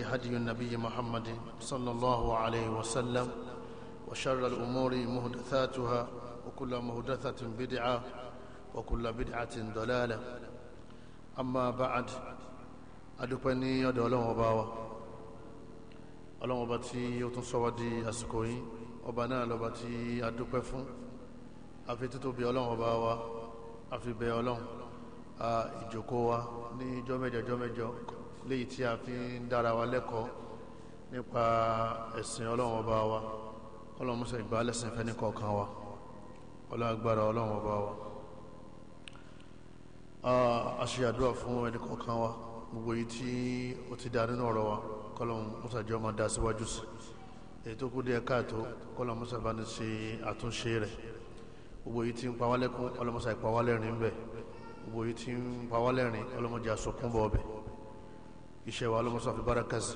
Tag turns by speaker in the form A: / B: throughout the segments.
A: الهدي هدي النبي محمد صلى الله عليه وسلم وشر الأمور مهدثاتها وكل مهدثة بدعة وكل بدعة ضلالة أما بعد أدوبني يدعو لهم وباوة ọlọ́run ọba tí ó tún sọ́wọ́ di àsìkò yìí ọba náà lọ́ba tí a dúpẹ́ fún àfi títóbi ọlọ́run ọba wa àfi bẹ ọlọ́run ìjòkó wa ní jọ́mẹ́jọ jọ́mẹ́jọ léyìí tí a fi ń dára wa lẹ́kọ̀ọ́ nípa ẹ̀sìn ọlọ́run ọba wa ọlọ́run musa ìgbà lẹ́sìn fẹ́ ní kọ̀ọ̀kan wa ọlọ́run agbára ọlọ́run wa a ṣe àdúrà fún ẹni kọ̀ọ̀kan wa gbogbo yìí tí ó ti dá nínú ọ̀rọ̀ wa kọ́lọ́run musa jẹ́ ọmọ dá síwájú sí èyí tó kú díẹ̀ káàtó kọ́lọ́run musa bá ní ṣe àtúnṣe rẹ̀ gbogbo yìí tí ń pawálẹ́kún ọlọ́mọsà ìpawálẹ́rin bẹ̀ gbogbo yìí tí ń pawálẹ́rin ọlọ́mọdé asokúnbọ̀ bẹ̀ iṣẹ́ wa ọlọ́mọsá fi bára kásì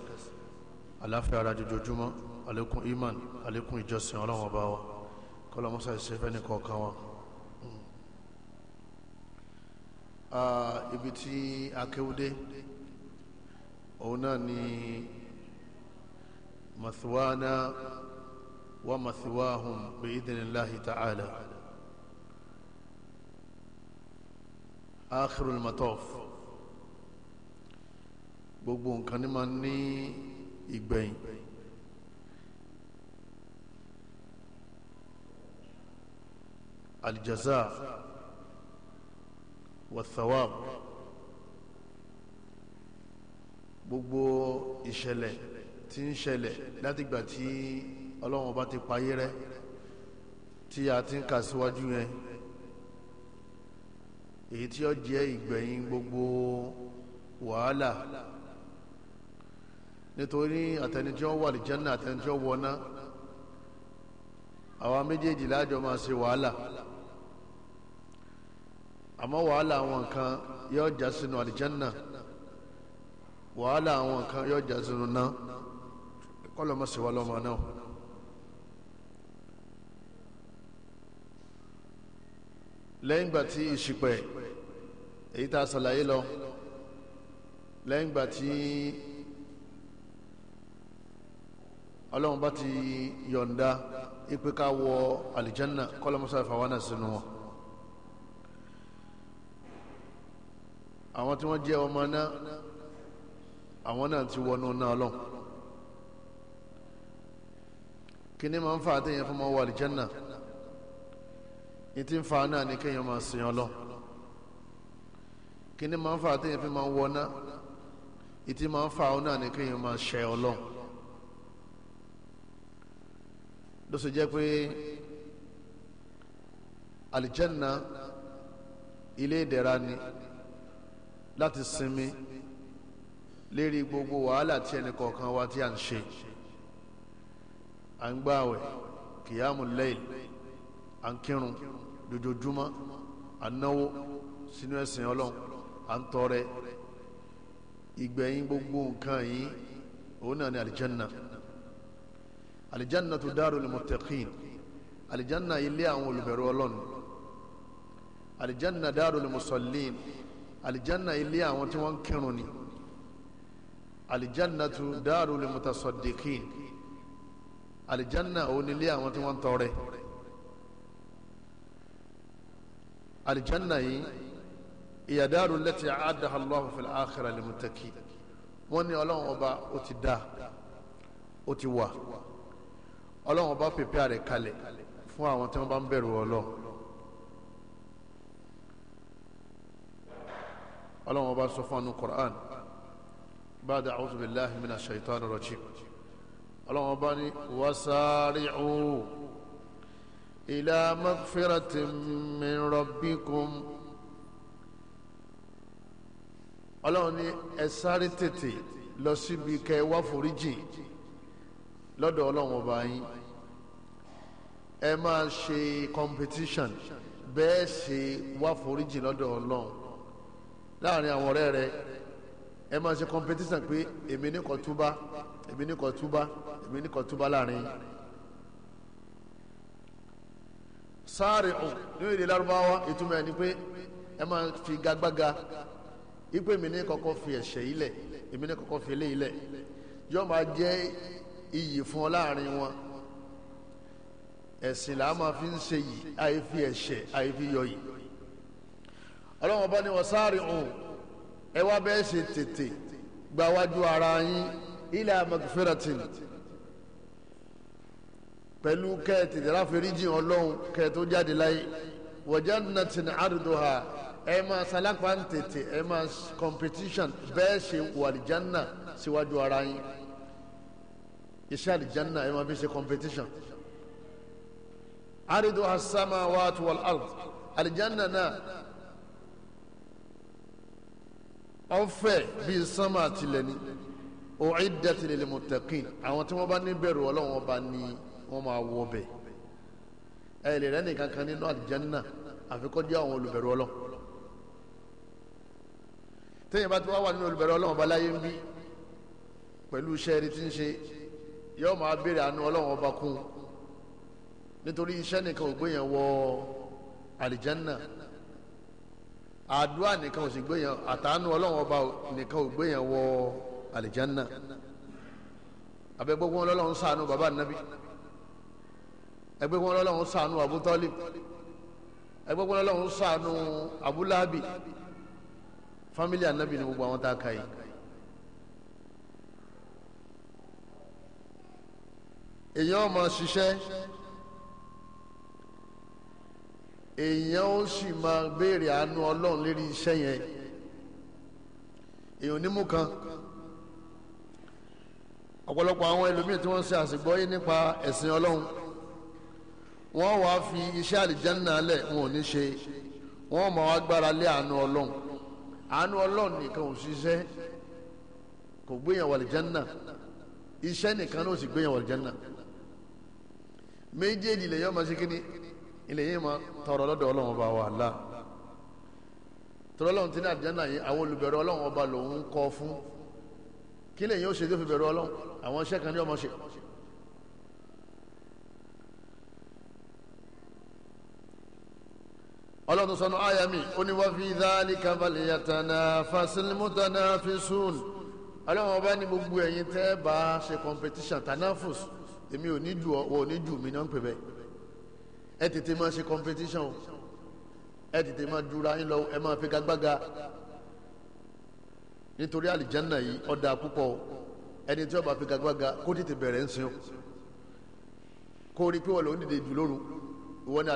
A: aláfẹ́ ara jojoojúmọ́ àlékún iman àlékún ìjọsìn ọlọ́wọ́n bá wa kọlọ́mọsá ìṣẹ́fẹ́ ní kọ̀ọ̀kan wa. Hmm. Ah, ibi tí akéwúdé òun náà ni mathuwana wa mathuwahum bi idinilahi ta'ala akhirul matof gbogbo nǹkan ní máa ní ìgbẹ̀yìn alìjàzá wàthawab gbogbo ìṣẹ̀lẹ̀ tí ń ṣẹlẹ̀ látìgbà tí ọlọ́run ọba ti payé rẹ tí a ti ń kà síwájú yẹn èyí tí ó jẹ́ ìgbẹ̀yìn gbogbo wàhálà nítorí àtẹnijọ́ wà lìjánà àtẹnijọ́ wọná àwọn méjèèjì lájọ máa ṣe wàhálà àmọ́ wàhálà àwọn nǹkan yóò já sínú àlìjánà wàhálà àwọn nǹkan yóò já sínú náà kọ́lọ́mọ́ sí wa lọ́mọ náà. lẹ́yìn ìgbà tí ìṣìpẹ̀ èyí tá a ṣàlàyé lọ lẹ́yìn ìgbà tí ọlọ́run bá ti yọ̀ǹda ipe ká wọ àlìjánà kọ́lọ́mọ́sá ìfàwọ́nà sínú wọn àwọn tí wọ́n jẹ́ ọmọ náà àwọn náà ti wọnú náà lọ kí ni máa ń fa àtẹ̀yìn fún ọmọ wọ àlìjánà ní ń fa náà ní kéèyàn máa sìn ọlọ́ kí ni máa ń fa àtẹ̀yìn fún ọmọ wọ náà ìtì máa ń fa ọ náà ní kéèyàn máa ṣẹ ọlọ́run ló sì jẹ́ pé alìjẹ́nà ilé ìdẹ̀ra ni láti sinmi lérí gbogbo wàhálà tí ẹnì kọ̀ọ̀kan wa tí a ń ṣe à ń gbààwẹ̀ kìyàmù lẹ́yìn à ń kírun dojoojúmọ́ à ń náwó sínú ẹ̀sìn ọlọ́run à ń tọrẹ ìgbẹ̀yìn gbogbo nǹkan yìí òun náà ni alìjẹ́nà alijanna tu darul muttaqin alijanna ilé àwọn olùbẹ̀rù ọlọ́run alijanna darul musallin alijanna ilé àwọn tí wọ́n ń kírun ni alijanna tu darul mutasaddiqin alijanna òun ilé àwọn tí wọ́n ń tọrẹ alijanna yìí hiya darul lati a'addaha Allahu fil akhirah lil muttaqin wọ́n ní ọlọ́run ọba ó ti dá ó ti wà ọlọ́run bá pèpè rẹ̀ kalẹ̀ fún àwọn tí wọ́n bá ń bẹ̀rù ọlọ́run ọlọ́run bá sọ fún àánú Qur'an ba'da a'udhu billahi minash shaitanir rajim ọlọ́run bá ní wasari'u ila maghfiratin min rabbikum ọlọ́run ní ẹ sáré tètè lọ síbi kẹ́ wá foríjì lọ́dọ̀ ọlọ́run ọba yín ẹ máa ṣe competition bẹ́ẹ̀ ṣe wá foríjì lọ́dọ̀ ọlọ́run láàrin àwọn ọ̀rẹ́ rẹ ẹ máa ṣe competition pé èmi ní kó túbá èmi ní kó túbá èmi ní kó túbá láàrin sáré ọ̀hún ní èdè lárúbáwá ìtumọ̀ ẹ̀ ni pé ẹ máa fi gagbága ipe èmi ní kọ́kọ́ fi ẹ̀ṣẹ̀ ilẹ̀ èmi ní kọ́kọ́ fi ilé ilẹ̀ yóò máa jẹ́ iyì fún ọ láàrin wọn ẹ̀sìn làá máa fi ń ṣe yìí àyè fi ẹ̀ṣẹ̀ àyè fi yọ yìí ọlọ́wọ́n bá ní wọ́n sáré hàn ẹ wá bẹ́ẹ̀ ṣe tètè gbáwájú ara yín ila magfiratin pẹ̀lú kẹ́ẹ̀tì ráfẹ́ríjì ọlọ́run kẹ́ẹ̀ tó jáde láyé wa jannatin arduha ẹ máa sálápá ń tètè ẹ máa competition bẹ́ẹ̀ ṣe wàlìjánà síwájú ara yín iṣẹ́ àlìjánà ẹ máa fi ṣe competition aridu asama waatu wal ard alijanna náà ọfẹ bíi sama àtìlẹni u'iddat lil muttaqin àwọn tí wọn bá ní bẹ̀rù Ọlọ́run ọba ni wọn máa wọ bẹ ẹ lè rẹ nìkan kan nínú alijanna àfikọ́jú àwọn olùbẹ̀rù Ọlọ́run téèyàn bá ti wá wà nínú olùbẹ̀rù Ọlọ́run ọba láyé ń bí pẹ̀lú iṣẹ́ rí ti ń ṣe yóò máa béèrè àánú Ọlọ́run ọba kún un nítorí iṣẹ́ nìkan ò gbéyàn wọ àlìjánná àdúrà nìkan ò sì gbéyàn àtàánú ọlọ́run ọba nìkan ò gbéyàn wọ àlìjánná abẹ́gbẹ́gbọ́n ọlọ́run ṣàánú bàbá nàbí ẹgbẹ́gbọ́n ọlọ́run ṣàánú abútọ́lì ẹgbẹ́gbọ́n ọlọ́run ṣàánú abúlábì fámílì ànábì ni gbogbo àwọn tá a kà yìí. èèyàn ọmọ ṣiṣẹ́ èèyàn ó sì máa béèrè àánú ọlọ́run lérí iṣẹ́ yẹn èèyàn onímú kan ọ̀pọ̀lọpọ̀ àwọn ẹlòmíì tí wọ́n ṣe àṣìgbọ́yé nípa ẹ̀sìn ọlọ́run wọ́n wá fi iṣẹ́ àlìjẹ́nà lẹ̀ wọn ò ní ṣe wọ́n máa wá gbára lé àánú ọlọ́run àánú ọlọ́run nìkan ò ṣiṣẹ́ kò gbéyàn wà àlìjẹ́nà iṣẹ́ nìkan ló sì gbéyàn wà àlìjẹ́nà méjèèjì lè yọ ọmọ sí kínní ilé yìí máa tọrọ lọ́dọ̀ ọlọ́run ọba wa la tọrọ ọlọ́run ti ní àdìjánà yìí àwọn olùbẹ̀rù ọlọ́run ọba lòun kọ fún kí lè yín ó ṣe tó fi bẹ̀rù ọlọ́run àwọn iṣẹ́ kan ní ọmọ ṣe. ọlọ́run sọnù ayami oníwàfi dhalika falyatanafasil mutanafisun ọlọ́run ọba ní gbogbo ẹ̀yin tẹ́ bá ṣe competition tanafus èmi ò ní jù mí náà ń pè bẹ́ẹ̀ ẹ tètè máa ṣe competition ẹ tètè máa dúra yín lọ ẹ máa figagbága nítorí àlìjánà yìí ọ̀dà púpọ̀ ẹni tí wọ́n bá figagbága kó tètè bẹ̀rẹ̀ ń sìn kó rí pé wọ́n lòún dìde jù lóru ni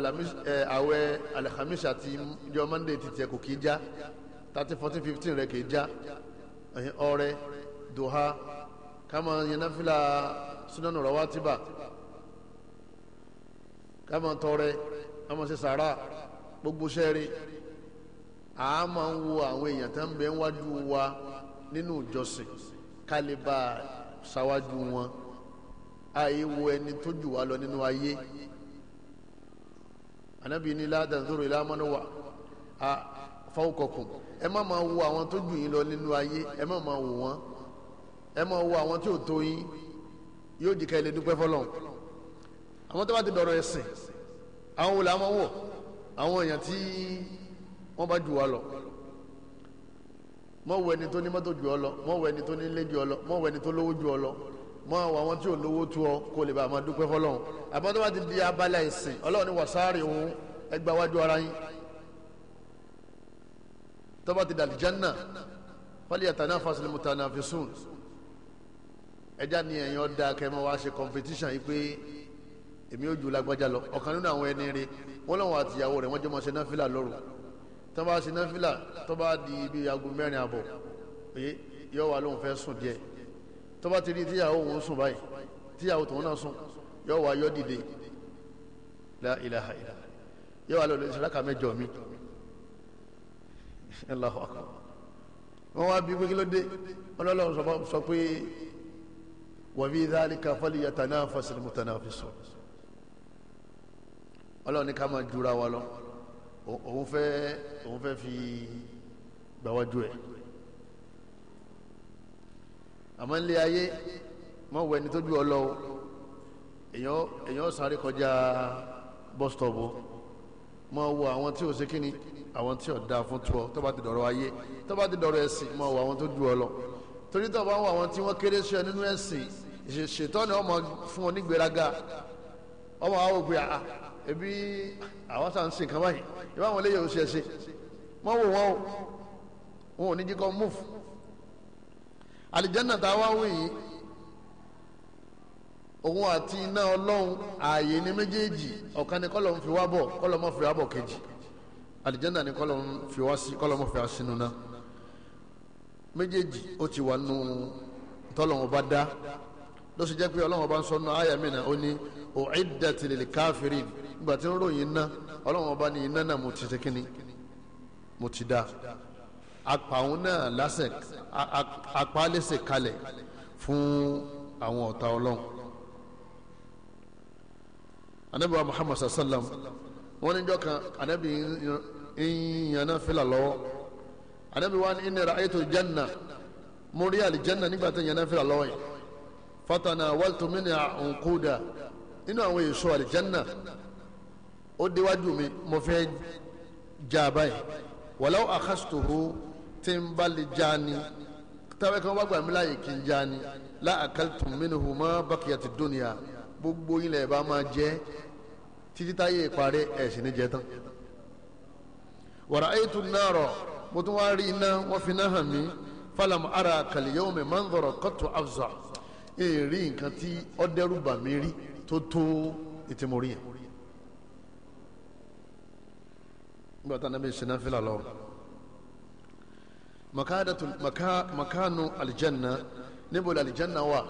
A: àwẹ̀ alhamis àti ìjọ mande títí kò kì í já thirty fourteen fifteen rẹ̀ kì í já ọrẹ duha kama yẹn náfìlà sunanu rawatiba ká máa tọrẹ ká máa ṣe sàrà gbogbo sẹ́ẹ̀rẹ́ a máa ń wo àwọn èèyàn tó ń bẹ wájú wa nínú ìjọsìn ká lè bá a ṣáwájú wọn àyè wo ẹni tó jù wá lọ nínú ayé anabi ni ládàzóró ìlàmọ́nà wà á fọwọ́kọ̀kùn ẹ má máa wo àwọn tó jù yín lọ nínú ayé ẹ má máa wò wọ́n ẹ má wo àwọn tí ò tó yín yóò di ká ẹ lè dúpẹ́ fọlọ́n àwọn tó bá ti dọ̀rọ̀ ẹ̀sìn àwọn wò làwọn wọ̀ àwọn èèyàn tí wọ́n bá jù wá lọ mọ̀ wọ ẹni tó ní mọ́tò jù ọ lọ mọ̀ wọ ẹni tó ní ilé jù ọ lọ mọ̀ wọ ẹni tó lówó jù ọ lọ mọ̀ wọ àwọn tí ò lówó tu ọ kó lè bá a máa dúpẹ́ fọlọ́run àbọ̀ tó bá ti di abala ẹ̀sìn ọlọ́run ní wàsáàrì òun ẹgbà wájú ara yín tó bá ti dàlí jánà wálé àtàná fásilẹ̀ mutanafisun ẹja ni ẹ̀yin ọ̀dà kẹ́mọ́ wá ṣe competition yìí pé èmi ò ju lágbájá lọ ọ̀kan nínú àwọn ẹni rí wọn lọ́wọ́ àtìyàwó rẹ̀ wọ́n jọ máa ṣe náfìlà lóru tó bá ṣe náfìlà tó bá di ibi aago mẹ́rin àbọ̀ èyí yọ wà lóun fẹ́ sùn díẹ̀ tó bá ti rí tíyàwó òun sùn báyìí tíyàwó tòun náà sùn yọ wà yọ dìde la ilaha illa yọ wà lọ́ọ́ ìṣẹ́láka mẹ́jọ mi Allahu akbar wá bí wíkí ló dé wọ́n lọ́ọ́ sọ pé wa fi dhalika falyatanafas almutanafisun ọlọ́run ní ká máa jura wa lọ òun fẹ́ òun fẹ́ fi gbàwájú ẹ̀ àmọ́ ń lé ayé mọ́ wọ ẹni tójú ọlọ́wọ́ èèyàn èèyàn sáré kọjá bọ́sítọ̀bù mọ́ wọ àwọn tí ò ṣe kíni àwọn tí ò dáa fún tọ́ tó bá ti dọ̀rọ̀ ayé tó bá ti dọ̀rọ̀ ẹ̀sìn mọ́ wọ àwọn tójú ọlọ́ torí tó bá wọ àwọn tí wọ́n kéré sí ẹ nínú ẹ̀sìn ṣètọ́ ni ọmọ fún ọ nígbéraga ọmọ àwọn òpin àá ah, ebi àwọn sàn sìn kan báyìí ìbá àwọn eléyìí ò ṣe ṣe mọ wò wọn o wọn ò ní jíkọ múfù àlìjẹ́nà tá a wá wí yìí òun àti iná ọlọ́run ààyè ní méjèèjì ọ̀kan ni kọ́lọ̀ ń fi wá bọ̀ kọ́lọ̀ mọ́ fi wá bọ̀ kejì àlìjẹ́nà ni kọ́lọ̀ ń fi wá sí kọ́lọ̀ mọ́ fi wá sínú náà méjèèjì ó ti wà nù tọ́lọ́run bá dá ló pé ọlọ́run bá ń sọ nù áyà mìíràn ó ní ò'iddat lil kafirin ìgbà tí ń ròyìn iná ọlọ́run ọba ní iná náà mo ti ṣe kíni mo ti da apàwọn náà lásẹ̀ apálẹ́sẹ̀ kalẹ̀ fún àwọn ọ̀tá ọlọ́run anabi wa muhammad sallam wọn ní jọkan anabi ìyànná fìlà lọ́wọ́ anabi wa ní ìnira ayétò janna mo rí àlìjanna nígbà tó ìyànná fìlà lọ́wọ́ yìí fatana waltumina unkuda nínú àwọn èso àlìjanna ó déwájú mi mo fẹ́ já a báyìí wàláwò àkàsùtòrò tí ń bá lè já ni táwọn kan wá gbà mí láàyè kí n já ni lá àkàlùtùn mí ni hùmá bákìyàtì dóníyà gbogbo ilẹ̀ bá máa jẹ́ títí táyé ìparí ẹ̀sìn ní jẹ wàrà ayétu nàárọ̀ mo tún wá rí iná wọ́n fi náà hàn mí fálàmù ara kàlíyàwó mi máa ń dọ̀rọ̀ kọ́tù àfzà èèrí nǹkan tí ọ́ dẹ́rù bà rí tó tó ètí nígbà tá nàbí ṣe náà fìlà lọ. makanu alijanna níbo la alijanna wà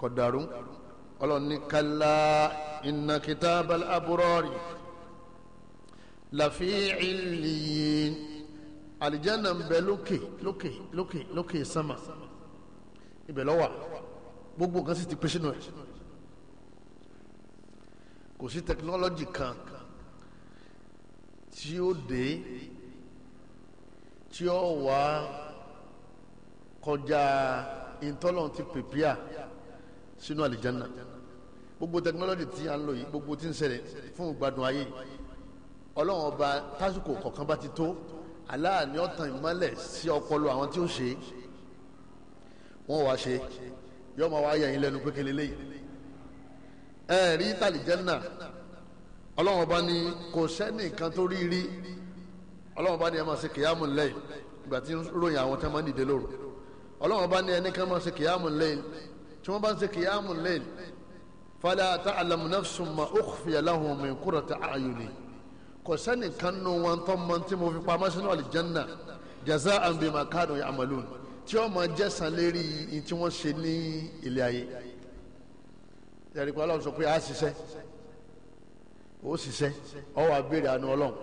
A: kọ̀dàrú ọlọ́ni kálá inna kitabal aburari lafi illiyin alijanna ń bẹ lókè lókè lókè lókè sama ibẹ̀ ló gbogbo nǹkan sì ti pèsè nù ẹ̀ kò sí tẹkinọ́lọ́jì kan tí ó dé tí ó wá kọjá ìtọ́lọ́n ti pèpìà sínú àlìjánná gbogbo tẹkinọ́lọ́jì tí a ń lò yìí gbogbo tí ń ṣẹlẹ̀ fún ìgbádùn ayé ọlọ́run ọba tásìkò kọ̀ọ̀kan bá ti tó aláàní ọ̀tàn ìmọ́lẹ̀ sí ọpọlọ àwọn tí ó ṣe wọ́n wá ṣe yọ́ọ́ máa wá yẹ̀yìn lẹ́nu pé kele léyìí ẹ̀ẹ́rí tàlìjánná ọlọ́run ọba ni kò sẹ́nìkan tó rí rí ọlọ́run ọba ni ẹ máa ṣe kìyàmù lẹ́yìn ìgbà tí ń ròyìn àwọn tí wọ́n máa ń dìde lóru ọlọ́run ọba ni ẹnìkan máa ṣe kìyàmù lẹ́yìn tí wọ́n bá ń ṣe kìyàmù lẹ́yìn fala ta'lamu nafsun ma ukhfiya lahum min qurrati a'yuni kò sẹ́nìkan nù wọn tó mọ tí mo fi pamọ́ sínú àlìjánná jaza'an bima kanu ya'malun tí wọ́n máa jẹ́sàn lérí tí wọ́n ṣe ní ilé ayé yàrá ìpàlọ́ sọ pé a ṣiṣẹ́ ó ṣiṣẹ́ ọ wà béèrè àánú ọlọ́run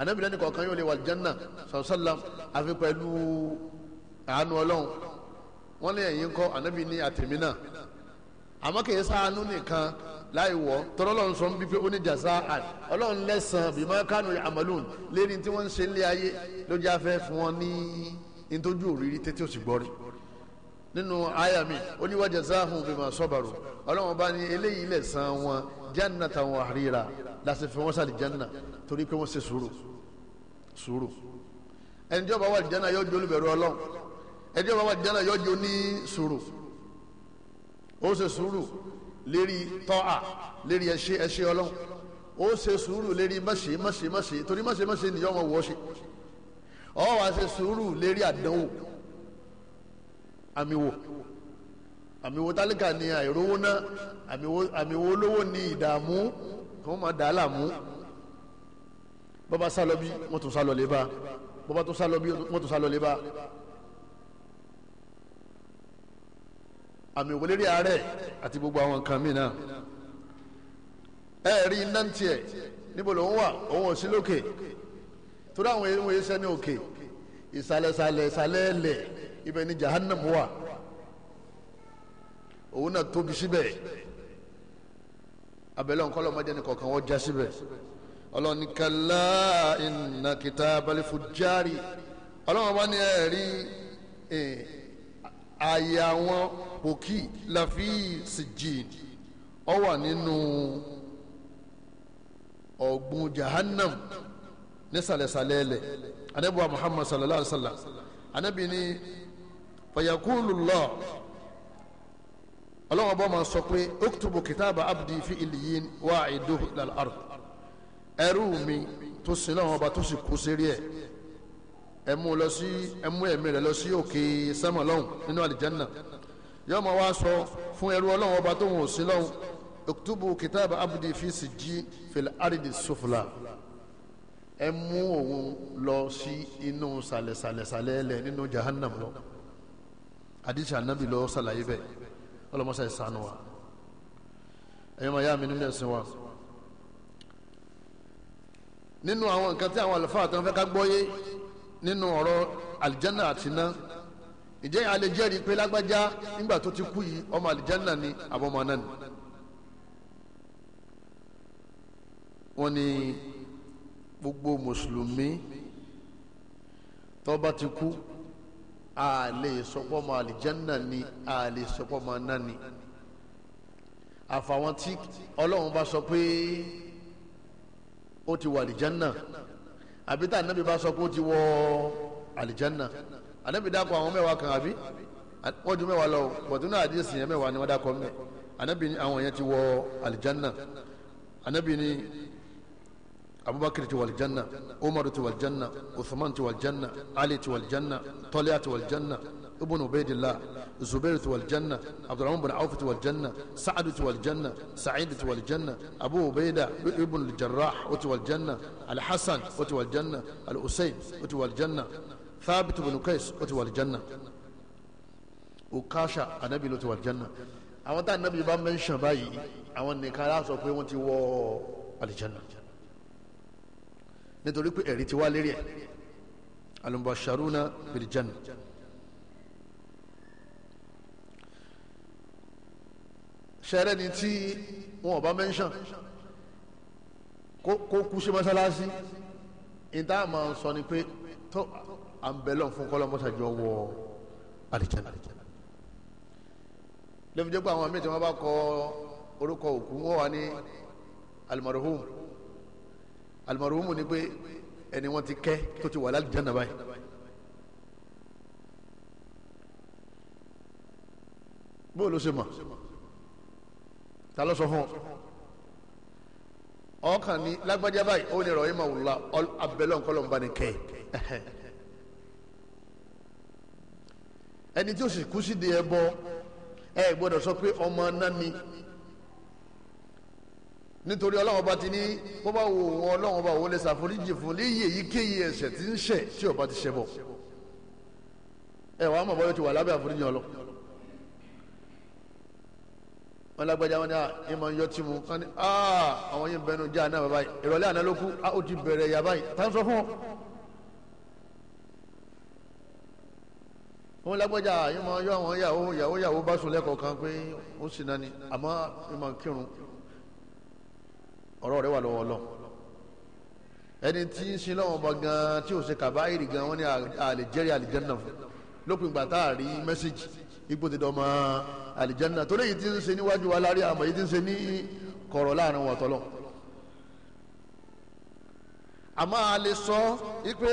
A: anábìlẹ̀ ní kọ̀ọ̀kan yóò lè wà jẹ́nà sọ̀sálàm àfi pẹ̀lú àánú ọlọ́run wọ́n lè yín kọ́ anábì ní àtẹ̀mí náà àmọ́ kì í sáánú nìkan láì wọ́ tọ́lọ́ lọ́n sọ bí pé ó ní jàzá àn ọlọ́run lẹ́sàn-án bí tí wọ́n ń ṣe ayé ló jẹ́ fún wọn ní ntójú òrírí tètè òsì gbọ́rí nínú àyà mi ó hùn bí máa sọ́bàrò ọlọ́run bá ní eléyìí lẹ̀san wọn jannatan wa harira láti fi wọ́n sàlì janna torí pé wọ́n ṣe sùúrù sùúrù ẹni tí ó bá wà janna yóò jẹ́ olùbẹ̀rù ọlọ́run ẹni tí ó bá wà janna yóò jẹ́ oní sùúrù ó ṣe sùúrù lérí tọ́à lérí ẹṣẹ́ ẹṣẹ́ ọlọ́run ó ṣe sùúrù lérí mọ̀ṣẹ́ mọ̀ṣẹ́ mọ̀ṣẹ́ torí mọ̀ṣẹ́ mọ̀ṣẹ́ nìyọ́ wọn wọ́ ṣe ọ wá ṣe sùúrù lérí àdánwò àmì wo tálíkà ni àìrówó náà àmì wo olówó ni ìdààmú kí wọ́n máa dà á làmú bọ́bá sálọ bí wọ́n tún sálọ lé bá bọ́bá tún sálọ bí wọ́n tún sálọ lé bá àmì ìwòlérí ààrẹ àti gbogbo àwọn nǹkan míì náà ẹ rí iná tiẹ̀ níbo lòun wà òun ò sí lókè torí àwọn èèyàn ìṣẹ́ ní òkè ìsàlẹ̀sàlẹ̀ ìsàlẹ̀ ẹ̀lẹ̀ ibẹ̀ ni jahannam wà òun náà tóbi síbẹ̀ abẹ́lẹ́ ọ̀nkọ́ lọ́mọdé ni kọ̀ọ̀kan wọ́n já síbẹ̀ ọlọ́ni kàlá inna kitabal fujjari ọlọ́wọ́n bá ní ẹ̀rí ààyè àwọn pòkì láfi sijjin ọ wà nínú ọ̀gbun jahannam nísàlẹ̀sàlẹ̀ ẹlẹ̀ anabiwa muhammad sallallahu alaihi wa sallam anabi ni fayakulullah ọlọ́wọ́n bọ́ máa sọ pé oktubu kìtàbà abdi fi iliyin wá ìdó lálàrú ẹrú mi tó sin náà ọba tó sì kú sérí ẹ ẹ mú lọ sí ẹ mú ẹ̀mí rẹ̀ lọ sí òkè sẹmọ lọhùn nínú àlìjánná yọọ máa wá sọ fún ẹrú ọlọ́wọ́n ọba tó wọn ò sí lọhùn oktubu kìtàbà abdi fi sì jí fìlà àrídì sọfúlà ẹ òun lọ sí inú sàlẹ̀sàlẹ̀sàlẹ̀ ẹlẹ̀ nínú jahannam lọ àdìsí ànábì lọ sàlàyé bẹ́ẹ̀ ọlọmọsá ìsànù wa ẹyọmọ ya mi nínú ẹsìn wa nínú àwọn nǹkan tí àwọn àlùfáà tó ń fẹ́ ká gbọ́yé nínú ọ̀rọ̀ àlìjánà àti iná ìjẹ́ yẹn a lè jẹ́rìí pé lágbájá nígbà tó ti kú yìí ọmọ àlìjánà ni àbọ̀mọ náà ni wọ́n ní gbogbo mùsùlùmí tó ti kú a lè sọpọ́ ma àlìjánná ni a lè sọpọ́ ma ná ni àfàwọn tí ọlọ́run bá sọ pé ó ti wọ àlìjánná àbí tá ànábì bá sọ pé ó ti wọ àlìjánná ànábì dákọ̀ àwọn mẹ́wàá kan àbí wọ́n ju mẹ́wàá lọ pọ̀túnú àdìsí yẹn mẹ́wàá ni wọ́n dákọ̀ mẹ́ ànábì ni àwọn yẹn ti wọ àlìjánná ànábì ni abubakar ti wọ àlìjánná umaru ti wọ àlìjánná usman ti wọ àlìjánná ali ti wọ àlìjánná طليعة والجنة ابن عبيد الله زبير والجنة عبد الرحمن بن عوف والجنة سعد والجنة سعيد والجنة أبو عبيدة ابن الجراح والجنة الحسن والجنة الأسيب والجنة ثابت بن قيس والجنة ukasha anabi ló ti wà aljanna àwọn tá anabi bá mẹ́ńsàn báyìí àwọn nìkan á sọ pé wọ́n ti wọ aljanna nítorí alùbọ̀ṣàrúnà bìrìjánà sẹ́rẹ́ ni tí wọn ọba mẹ́ńsàn kó kú sí mọ́sálásí ìta máa sọ ni pé tó à ń bẹ̀ lọ́n fún kọ́lọ́mọ́sàjọ́ wọ àlìjánà lẹ́fún jẹ́ pé àwọn mẹ́tẹ̀ wọn bá kọ orúkọ òkú wọn wà ní alimaruhum alimaruhum ni pé ẹni wọ́n ti kẹ́ tó ti wà lálùjáná báyìí. bó ló ṣe mọ̀ ta ló sọ fún ọ ọkàn ní lágbájá báyìí ó ní rọyìn màwùlá abẹ́lẹ́ ọ̀nkọ́lọ́ ń bá ní kẹ́ ẹni tí ó sì kú sídìí ẹ bọ ẹ gbọ́dọ̀ sọ pé ọmọ náà ni nítorí ọlọ́run bá ti ní bó bá wò wọ́n ọlọ́run bá wò lè ṣàforíjì fún léyìí èyíkéyìí ẹ̀ṣẹ̀ tí ń ṣẹ̀ tí ọba ti ṣẹ bọ̀ ẹ wàá mọ̀ bọ́yọ̀ ti wà lábẹ́ àforíjì ọlọ́ wọn lágbájá wọn ní à ah, ń mọ tí mu wọn ní à ah, àwọn yìí ń bẹnu já náà bàbá yìí ìrọ̀lẹ́ àná ló kú a ah, ó ti bẹ̀rẹ̀ yà báyìí tá ń sọ fún wọn wọn lágbájá yìí mọ iyọ àwọn yàwó yàwó yàwó bá sùn lẹ́kọ̀ọ́ kan pé ó sì náà ni àmọ́ ìmọ̀ kírun ọ̀rọ̀ rẹ̀ wà lọ́wọ́ lọ ẹni tí ń sin lọ́wọ́ ọba gan tí ò ṣe kàbáyìrì gan wọ́n ní àlejẹ́rì àlìjẹ́nà fún lópin ìgbà tá a rí mẹ́sẹ̀gì ipò ti dọ́mọ àlìjẹ́nà torí èyí tí ń ṣe níwájú wa lárí àmọ́ èyí tí ń ṣe ní kọ̀rọ̀ láàrin wọn tọ́lọ̀ àmọ́ a lè sọ wípé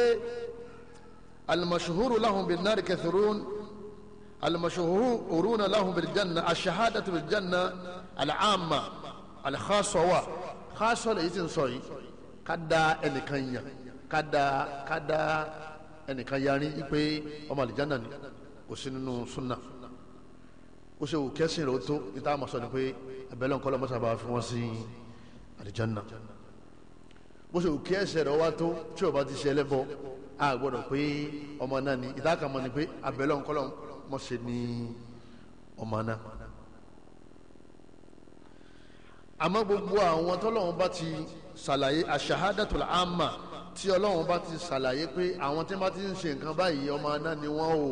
A: alimọ̀ṣuhuru lahun bin nari kẹsìrún alimọ̀ṣuhuru lahun bin janna aṣahadatu bin janna alaama alhasawa xaasọ̀lẹ̀ yìí ti ń sọ yìí ká da ẹnìkan yàn ká da ká da ẹnìkan yarí pé ọmọ àlìjáná ni kò sí nínú súnà ó ṣe wù kẹ́sìn rẹ̀ ó tó níta àmọ̀ sọ ni pé abẹ́lẹ́ nǹkan lọ́mọ́sá bá fi wọ́n sí àlìjáná bó ṣe wù kẹ́sìn rẹ̀ wá tó tí ò bá ti ṣe ẹlẹ́bọ a gbọ́dọ̀ pé ọmọ náà ni ìdákàmọ́ ni pé abẹ́lẹ́ nǹkan lọ́mọ́sẹ̀ ni ọmọ náà àmọ́ gbogbo àwọn tọ́lọ́wọ́n bá ti ṣàlàyé àṣàhádàtúlà àmà tí ọlọ́wọ́n bá ti ṣàlàyé pé àwọn tí wọ́n bá ti ń ṣe nǹkan báyìí ọmọ náà ni wọ́n o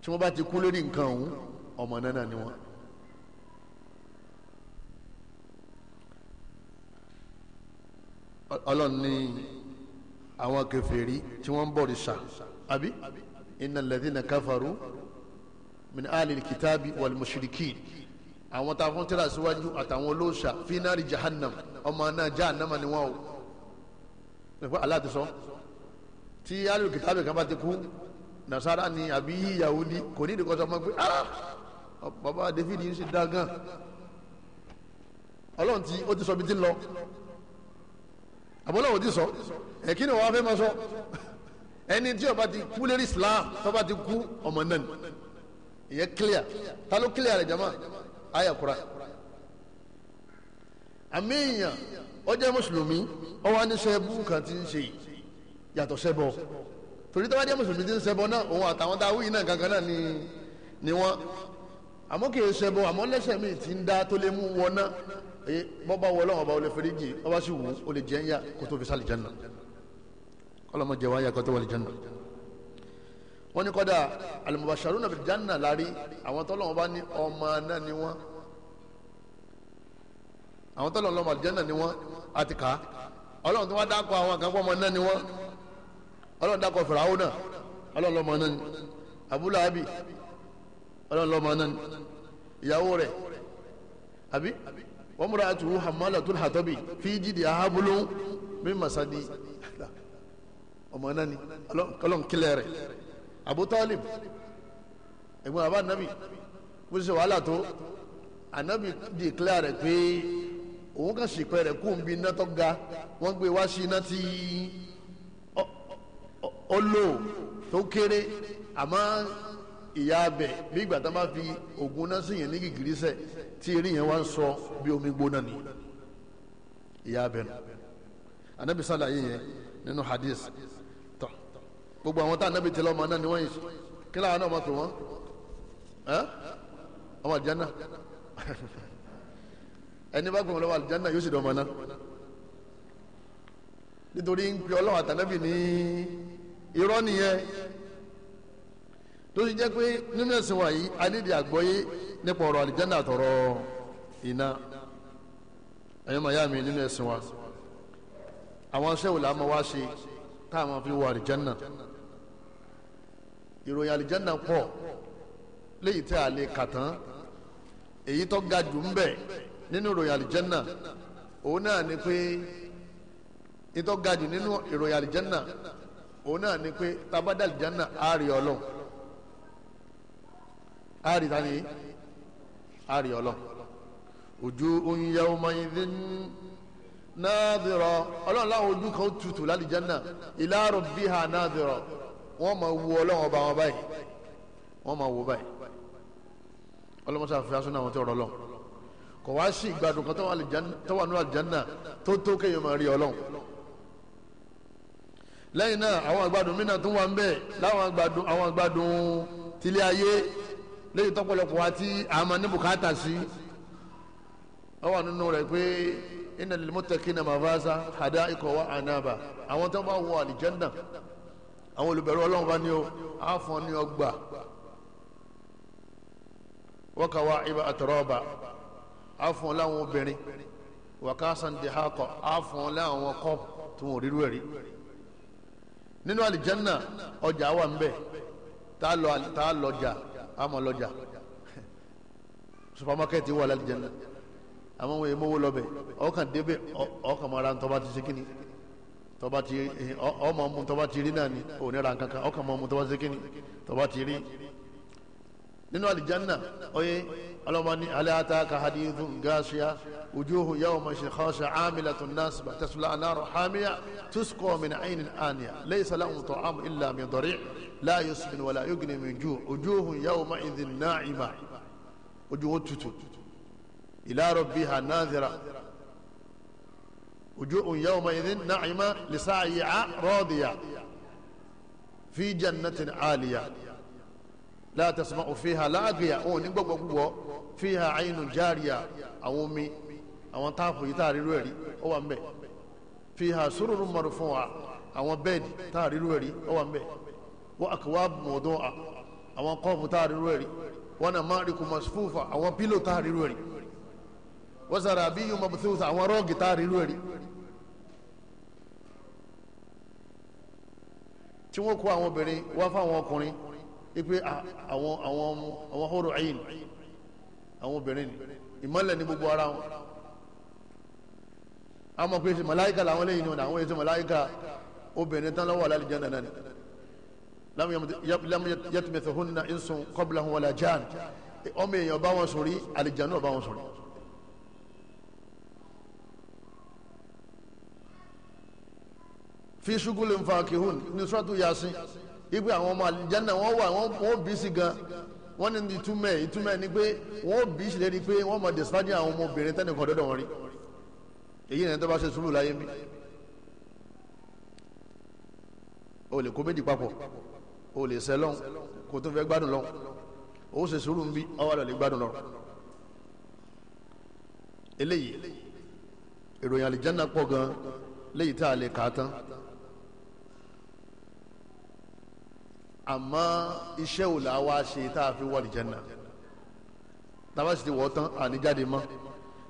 A: tí wọ́n bá ti kú lórí nǹkan ọ̀hún ọmọ náà ni wọ́n. ọlọ́run ní àwọn kèfèrí tí wọ́n ń bọ̀rìṣà àbí innal ladhina kafaru min alil kitabi wal àwọn tá a fún tíra síwájú àtàwọn olóòṣà fínárì jahannam ọmọ náà jahannama ni wọn o nípa aláàtúnṣọ tí alùkìtàbí kan bá ti kú nasara ni àbí yahudi kò ní ìdíkọ́sọ ọmọ pé ah baba david yìí ṣe dá gan ọlọ́run ti ó ti sọ bí ti ń lọ àbọ̀lọ́wọ́ ti sọ ẹ̀ kí ni wàá fẹ́ máa sọ ẹni tí ó bá ti kú lérí islam tó bá ti kú ọmọ náà ìyẹn clear ta ló clear rẹ̀ jama àyà kura àmì èèyàn ó jẹ́ mùsùlùmí ó wá ní sẹ́bù kan tí ń ṣe yàtọ̀ sẹ́bọ̀ torí tó bá jẹ́ mùsùlùmí tí ń náà òun àtàwọn tá a wúyì náà kankan náà ni ni wọ́n àmọ́ kì í sẹ́bọ̀ àmọ́ lẹ́sẹ̀ míì ti ń dá tó lè mú wọn náà ee bọ́ba wọ lọ́wọ́ ọba olè fèrèjì ọba sì wù ó lè jẹ́ ń yá kó fi sálì jẹ́ nà ọlọ́mọ jẹ́ wáyà kó tó wà lè jẹ́ nà wọ́n ní kọ́dà al-mubashsharuna bil janna lárí àwọn tọ́lọ̀ wọn bá ní ọmọ náà ni wọ́n àwọn tọ́lọ̀ lọ́mọ àlùjànnà ni wọ́n àti ká ọlọ́run tí wọ́n dákọ̀ àwọn kan fọ́mọ náà ni wọ́n ọlọ́run dákọ̀ fìràwọ́ náà ọlọ́run lọ́mọ náà ni Abu Lahabi ọlọ́run lọ́mọ náà ni ìyàwó rẹ̀ àbí wọ́n múra àtúwò hammalatul hatabi fi jìdí ahábúlóhùn mímọ̀ sadi ọmọ náà ni ọlọ́run kílẹ̀ rẹ̀. Abu Talib ẹ̀gbọ́n bàbá anabi bó ṣe wàhálà tó anabi declare rẹ̀ pé òun kàn sì pẹ́ rẹ̀ kó n bí iná tó ga wọ́n gbé wá sí iná tí ó lò tó kéré àmọ́ ìyá abẹ bí ìgbà tá fi ògùn náà sí yẹn ní gìgírísẹ̀ tí eré yẹn wá ń sọ bí omi gbóná ni ìyá abẹ nù anabi sálàyé yẹn nínú hadith gbogbo àwọn tá ànábì tẹ̀lé ọmọ náà ni wọ́n yìí kí láwọn náà máa pè wọ́n ọmọ àlùjáná ẹni bá gbọ̀n lọ́wọ́ àlùjáná yóò sì dọ̀ ọmọ náà nítorí ń pe ọlọ́wọ́ àtànábì ní irọ́ nìyẹn tó ti jẹ́ pé nínú ẹ̀sìn wa yìí anídì àgbọ́yé nípa ọ̀rọ̀ àlùjáná àtọ̀rọ̀ iná ẹ̀yọ́ màá mi nínú ẹ̀sìn wa àwọn aṣẹ́wò máa wá ṣe táwọn fi wọ àlùjáná ìròyìn àlìjánná pọ̀ léyìí tẹ́ a lè kà tán èyí tó ga jù ń bẹ nínú ìròyìn àlìjánná òun náà ni pé ìtọ́ ga jù nínú ìròyìn àlìjánná òun náà ni pé tabadà àlìjánná á rí ọlọ́run á rí tani á rí ojú oyin yẹ ọmọ yìí dín náà dìrọ ọlọ́run láwọn ojú kan tutù lálìjánná ìlà rabbiha náà dìrọ wọ́n máa wo ọlọ́wọ́n ọba wọn báyìí wọ́n máa wo báyìí ọlọ́mọsá àfihàn àwọn tí ọ̀rọ̀ lọ kò wá sí ìgbádùn kan tó wà ní àlìjánná tó tó kéèyàn máa rí ọlọ́run lẹ́yìn náà àwọn àgbàdùn mìíràn tó wà ń bẹ̀ láwọn àgbàdùn àwọn àgbàdùn tilé ayé lẹ́yìn tọ́pọ̀lọpọ̀ wa tí a ní bùkátà sí ọ wà nínú rẹ̀ pé innal muttaqina mafaza hadaiqa wa anaba àwọn tó bá wọ àlìjánná àwọn olùbẹ̀rù ọlọ́run bá ní o á fún ọ ní ọgbà wọ́kàwá ibà àtọ̀rọ̀ọ̀bà á fún ọ láwọn obìnrin wàkásán dìhákọ̀ á fún ọ láwọn kọ́ tí wọn ò rírú ẹ̀rí nínú àlìjánná ọjà wà ń bẹ tá a lọjà a mọ lọjà supamakẹ́ẹ̀tì wà lálìjánná àwọn ohun èèmọ̀ wò lọ ọkàn débẹ̀ ọkàn mọ́ra ń tọ́ bá ti ṣe kíni tọba ti eh, ọmọ mu tọba ti rí náà ni òníra kankan ọkàn mọ mu tọba ti kíni tọba ti rí nínú alijanna oye ọlọmọ ni alẹ́ ata ka hadithu gaasiya ojú yàwó ma ṣe xọ́ṣe amila tó nas ba tasula anaro hamiya tusko min ainin aniya lẹ́yìn sálà ń tọ́ amu illa mi dọ̀rí láàyò sùn wàlá yóò gbìn ju ojú yàwó ma ìdí náà ìmà ojú wo tutù ìlà nazira. وجوء يوم إذن نعمة لسعيها راضية في جنة عالية لا تسمع فيها لاغية او نيغبو غبو فيها عين جارية او مي او تافو يتاري روري او امبي فيها سرر مرفوعة او بيد تاري روري او امبي واكواب موضوعة او قوم تاري روري وانا مصفوفة او بيلو تاري روري wọ́n sara bí yóò mọ̀bùtí wùsà àwọn ọ̀rọ̀ gìtáàrì irú ẹ̀rí tí wọ́n kó àwọn obìnrin wá fáwọn ọkùnrin ipe ah, àwọn àwọn àwọn hóró ayin àwọn obìnrin ìmọ̀lẹ̀ ní gbogbo ara wọn a mọ̀ pé ṣe màláìka làwọn lẹ́yìn náà àwọn èso màláìka obìnrin tán lọ́wọ́ àlálìjẹ́ nàná ni lámú yẹtùmẹ̀sẹ̀ hónínà ń sùn kọ́bìlà wọn wọlé àjáàn ọmọ èèyàn bá wọn sùn rí àlìjẹ́ náà bá wọn sùn rí. fi ṣugule nfa kihun ni suratu yasin ipe àwọn ọmọ àlìjánná wọn wà wọn bí sí gan wọn ní ìtumọ̀ ìtumọ̀ ni pé wọn bí sílẹ̀ ni pé wọn mọ̀ dẹ̀síwájú àwọn ọmọbìnrin tẹ́nìkan dọ́dọ̀ wọn rí èyí ni tó bá ṣe sùúrù láyé mi o lè kó méjì papọ̀ o lè sẹ́ lọ́hùn kó tó fẹ́ gbádùn lọ́hùn o ṣe sùúrù ń bí ọwọ́ àlọ́ lè gbádùn lọ́hùn eléyìí ìròyìn àlìjánná pọ̀ gan léyìí tá a lè kà á tán. àmọ́ iṣẹ́ ò là wá ṣe tá a fi wọ àlìjánà tàbá sì ti wọ̀ tán àníjáde mọ́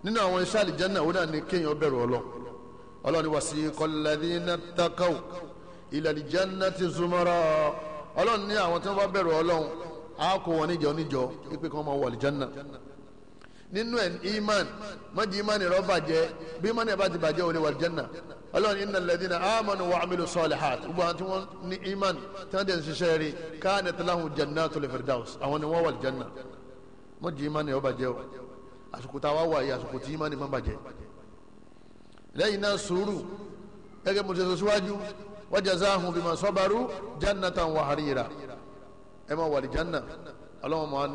A: nínú àwọn iṣẹ́ àlìjánà ó dà ní kéèyàn bẹ̀rù ọlọ́ ọlọ́ni wasiqa alladhina taqaw ila aljannati zumara ọlọ́run ní àwọn tí wọ́n bá bẹ̀rù ọlọ́run á kó wọn níjọ níjọ ipe kan máa wọ àlìjánà nínú ẹ̀ iman mọ́jì iman rẹ̀ bí iman rẹ̀ òní wọ àlìjánà ọlọ́run ní innal ladhina amanu wa amilu salihat gbogbo àwọn tí wọ́n ní iman tí wọ́n dẹ̀ ń ṣiṣẹ́ rí kanat lahum jannatul firdaus àwọn ni wọ́n wà jẹ́nà wọ́n jí iman ni wọ́n bàjẹ́ o àsìkò tá a wá wà yìí àsìkò tí iman ni wọ́n bàjẹ́ lẹ́yìn náà sùúrù gẹ́gẹ́ mo ti sọ síwájú wa jazahum bima sabaru jannatan wa harira ẹ wà àlìjánà ọlọ́run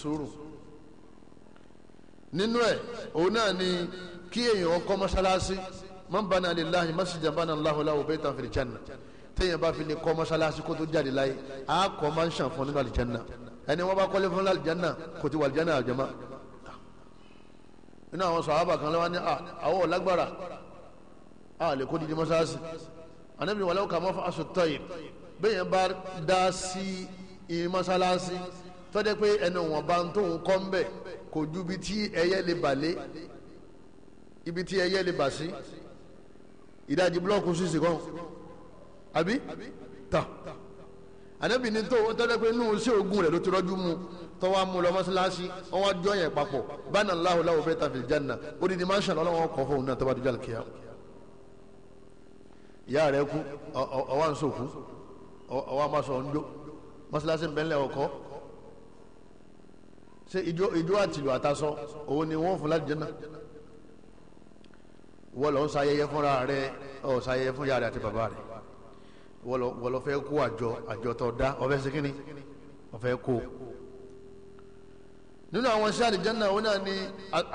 A: sùúrù nínú ẹ̀ òun náà ni kí èèyàn kọ́ mọ́sálásí man bana lillahi masjidan bana Allahu lahu baytan fil janna téèyàn bá fi lè kọ́ mọ́sálásí kó tó jáde láyé a kọ́ máa ń ṣàn fún nínú àlìjánná ẹni wọ́n bá kọ́lé fún àlìjánná kò ti wà àlìjánná àlìjánná nínú àwọn sàhábà kan lọ́wọ́ ní àwọ̀ lágbára a lè kó didi mọ́sálásí ànábìyàn wàlẹ́wò kà mọ́ fún aṣọ tọ́yìn bẹ́ẹ̀ yẹn bá dá sí mọ́sálásí tọ́jẹ́ pé ẹnu wọn bá ń tóun kọ́ ń bẹ̀ kò ju ibi tí ẹyẹ lè bà lé ibi tí ẹyẹ lè bà sí ìdajì búlọ́ọ̀kù sísè kan àbí tà ànábì ní tó tọ́jẹ́ pé inú sí ogun rẹ̀ ló ti rọ́jú mu tọ́wọ́ amú lọ mọ́sálásí wọ́n wá jọ yẹn papọ̀ bánà Allahu lahu baytan fil janna ó di ni máa ń ṣàlọ́ wọn kọ́ fóun náà tó bá dúdú àlùkìyà ìyá rẹ̀ kú ọwọ́ àǹsọ̀kú ọwọ́ àmásọ̀ ọ̀ńdó mọ́sálásí ń bẹ́ńlẹ̀ ọkọ̀ ṣe ìjọ ìjọ àtìlù àtasọ òun ni wọ́n fún láti jẹ́nà wọ́n lọ ń ṣayẹyẹ fúnra rẹ ọ ṣayẹyẹ fún yàrá àti bàbá rẹ wọ́n lọ fẹ́ kó àjọ àjọ tó dá ọfẹ́ sí kínní ọfẹ́ kó nínú àwọn iṣẹ́ àlìjẹ́nà òun náà ni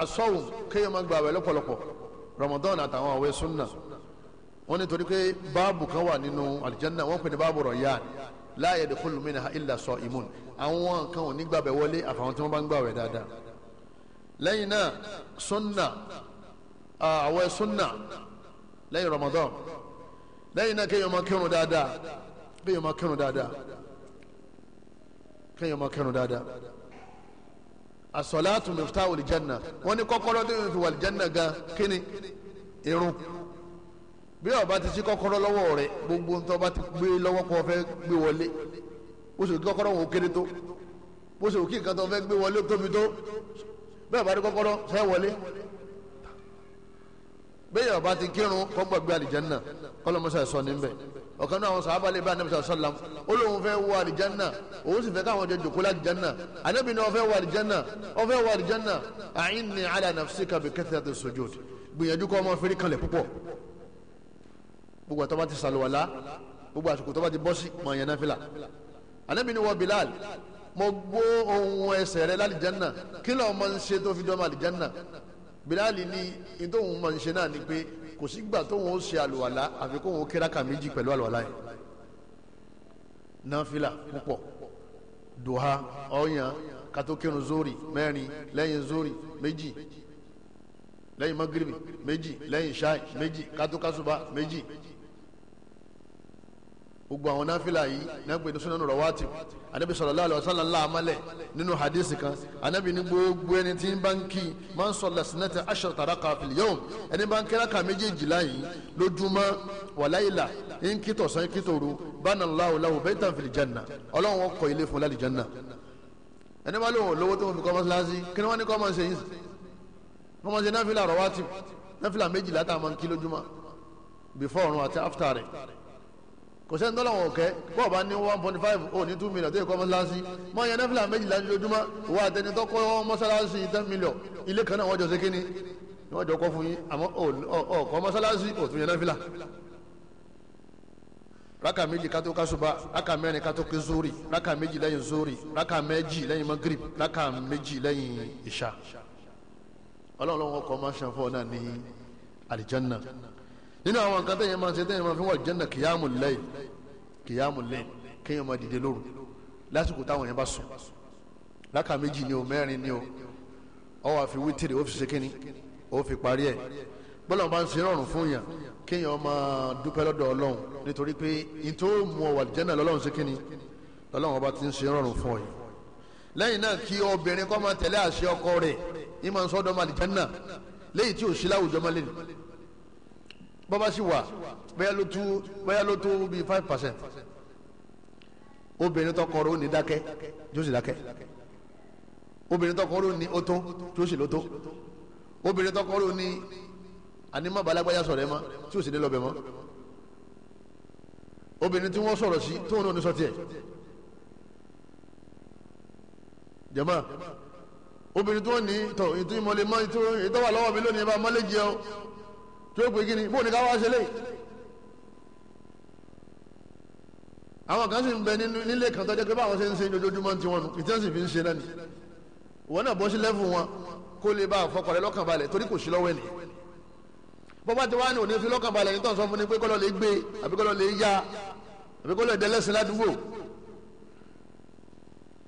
A: asọ́wù kéèyàn máa gba àwẹ̀ lọ́pọ̀lọpọ̀ Ramadan àtàwọn àwẹ̀ sunna wọ́n nítorí pé báàbù kan wà nínú àlìjẹ́nà wọ́n pè ní báàbù rọ̀yàn la yadkhulu minha illa sa'imun àwọn kan ò ní gbàbẹ̀ wọlé àfàwọn tí wọ́n bá ń gbàwẹ̀ dáadáa lẹ́yìn náà sunna àwẹ̀ sunna lẹ́yìn Ramadan lẹ́yìn náà kéèyàn máa kírun dáadáa kéèyàn máa kírun dáadáa kéèyàn máa kírun dáadáa as-salatu miftahul janna wọ́n ní kọ́kọ́rọ́ tó yẹ fi wal janna gan kíni irun bí ọba ti ṣí kọ́kọ́rọ́ lọ́wọ́ rẹ gbogbo ntọ́ bá ti gbé lọ́wọ́ kọ́ fẹ́ gbé wọlé bó ṣe kí kọ́kọ́rọ́ wọn ò kéré tó bó ṣe kí nǹkan tó fẹ́ gbé wọlé tóbi tó bẹ́ẹ̀ bá ní kọ́kọ́rọ́ fẹ́ wọlé bẹ́ẹ̀ ọba ti kírun kọ́ gbàgbé àlìjánná kọ́lọ́mọṣẹ́ sọ níbẹ̀ ọ̀kan náà àwọn sàábà lè bá anabi sàlá ó lóun fẹ́ wọ àlìjánná òun sì fẹ́ káwọn jẹ jòkó láàlìjánná anabi náà ọfẹ́ wọ àlìjánná ọfẹ́ wọ àlìjánná a'inni ala nafsika bi kathrati sujud gbìyànjú kọ́ ọmọ fẹ́rí kanlẹ̀ púpọ̀ gbogbo àtọ́ bá ti sàlùwàlá gbogbo àsìkò tó bá ti bọ́ sí mọ̀ yẹn náfìlà ànábì ni wọ́n Bilal mo gbọ́ ohun ẹsẹ̀ rẹ lálìjánná kí lọ́ọ́ máa ń ṣe tó fi dọ́mọ àlìjánná Bilal ni ìtòhun máa ń ṣe náà ni pé kò sí gbà tóhun ó ṣe àlùwàlá àfi kóhun ó kíraka méjì pẹ̀lú àlùwàlá yẹn náfìlà púpọ̀ duha ọ̀yàn kátó kírun zori mẹ́rin lẹ́yìn zori méjì lẹ́yìn magribi méjì lẹ́yìn shai méjì kátó kásùbà méjì gbogbo àwọn náfìlà yìí nàgbé ní sunanu rawati anabi sallallahu alaihi wasallam làmàlẹ nínú hadisi kan anabi ní gbogbo ẹni tí ń bá ń kí man salla sinata ashrata raka fil yawm ẹni bá ń kí raka méjèèjìlá yìí lójúmọ́ wa layla ń kí tọ̀sán kí tòru banallahu lahu baytan fil janna ọlọ́run kọ́ ilé fún lálẹ́ janna ẹni bá lóun lówó tó fi kọ́ mọ́sálásí kí ni before ọ̀run after kò sẹ́ni tó lọ́wọ́ ọ̀kẹ́ bọ́ọ̀ bá ní one point five ó ní two million tó yẹ kọ́ mọ́sálásí mọ́ yẹn nẹ́fìlà méjìlá lójoojúmọ́ wà tẹni tó kọ́ mọ́sálásí ten million ilé kan náà wọ́n jọ ṣe kíni wọ́n jọ kọ́ fún yín àmọ́ ọ̀kọ́ mọ́sálásí ò tún yẹn nẹ́fìlà. raka méjì kátó kásùbà raka mẹ́rin kátó ké zórí raka méjì lẹ́yìn zórí raka méjì lẹ́yìn magrib raka méjì lẹ́yìn ìṣà ọlọ́run ọkọ̀ máa ṣàfọ́ náà ní àlìjánná nínú àwọn nǹkan tẹ̀yẹ̀ máa ṣe tẹ̀yẹ̀ máa fi wà jẹ́nà kìyàmù lẹ́yìn kìyàmù lẹ́yìn kéèyàn máa dìde lóru lásìkò táwọn yẹn bá sùn láka méjì ni o mẹ́rin ni o ọ wà fi wítìrì ó fi ṣe kínní ó fi parí ẹ̀ bọ́lá wọn bá ń ṣe rọrùn fún yàn kéèyàn máa dúpẹ́ lọ́dọ̀ ọlọ́run nítorí pé ìtò mu ọ̀wà jẹ́nà lọ́lọ́run ṣe kínní lọ́lọ́run ọba ti ń ṣe rọrùn fún ọ lẹ́yìn náà kí obìnrin kọ́ máa tẹ̀lé àṣẹ ọkọ rẹ̀ ìmọ̀ nsọ́dọ̀ máa lè jẹ́nà léyìí tí ò sí láwùjọ máa lè nì bọ́bá sì wà bóyá ló tú bóyá ló tú bíi five percent obìnrin tó kọrọ ó ní dákẹ́ tó sì dákẹ́ obìnrin tó kọrọ ó ní ó tó tó sì ló tó obìnrin tó kọrọ ó ní ànímọ̀ balagbájá sọ̀rọ̀ ẹ mọ́ tí ò sì ní lọ́bẹ̀ mọ́ obìnrin tí wọ́n sọ̀rọ̀ sí tóun náà ní sọ́tì ẹ̀ jẹ̀mọ́ obìnrin tí wọ́n ní tọ̀ ètò ìtọ́wà lọ́wọ́ mi lónìí ẹ bá mọ́lẹ́jì ẹ tí ó pe kí ni bóun ni ká wá ṣe lé àwọn kan sì ń bẹ nílé kan tó jẹ́ pé báwọn ṣe ń ṣe ojoojúmọ́ ti wọn nù ìtẹ́ sì fi ń ṣe náà ni wọn náà bọ́ sí lẹ́fù wọn kó lè bá àfọkànlẹ̀ lọ́kàn balẹ̀ torí kò sí lọ́wọ́ ẹ̀ nìyẹn bọ́bá ti wá ní òní fi lọ́kàn nítorí sọ fún ni pé kọ́lọ́ lè gbé àbí kọ́lọ́ lè yá àbí kọ́lọ́ ìdẹ́lẹ́sìn ládùúgbò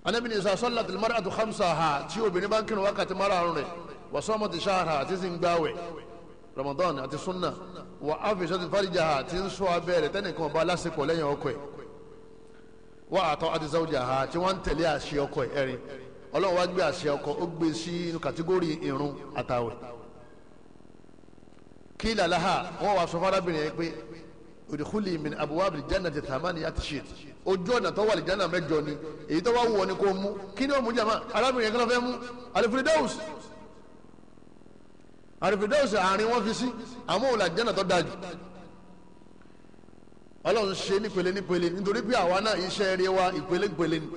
A: anabini isa sọlá tìlímọ́rẹ́ àtúkàmsà ha tí obìnrin bá ń kírun wákàtí márùn-ún rẹ̀ wàsọ́mọ́tì ha àti sì Ramadan àti sunna wà áfíìsì ti farijaha ti ń sọ abẹ́rẹ́ tẹ́nìkan ọba lásìkò lẹ́yìn ọkọ ẹ̀ wà àtọ́ àti zawjaha tí wọ́n ń tẹ̀lé àṣẹ ọkọ ẹ̀ ẹ̀rin ọlọ́run wá gbé àṣẹ ọkọ ó gbé sí inú kàtígórì irun àtàwẹ̀ kí làlàhà wọ́n wá sọ fárábìnrin yẹn pé òdìkúlì min abuwabi jannati thamani atishit ojú ọ̀nà tó wà lìjánà mẹ́jọ ni èyí tó wá wù ọ ni kò mú kí ni ó mú jàmá arábìnrin yẹn kí ló fẹ́ mú alifuridaus àlùfíndọ́sì àárín wọn fi sí àmọ́ òun làjẹ́nà tó dájú ọlọ́run ṣe nípele nípele nítorí pé àwa náà iṣẹ́ eré wa ìpele ìpele ni.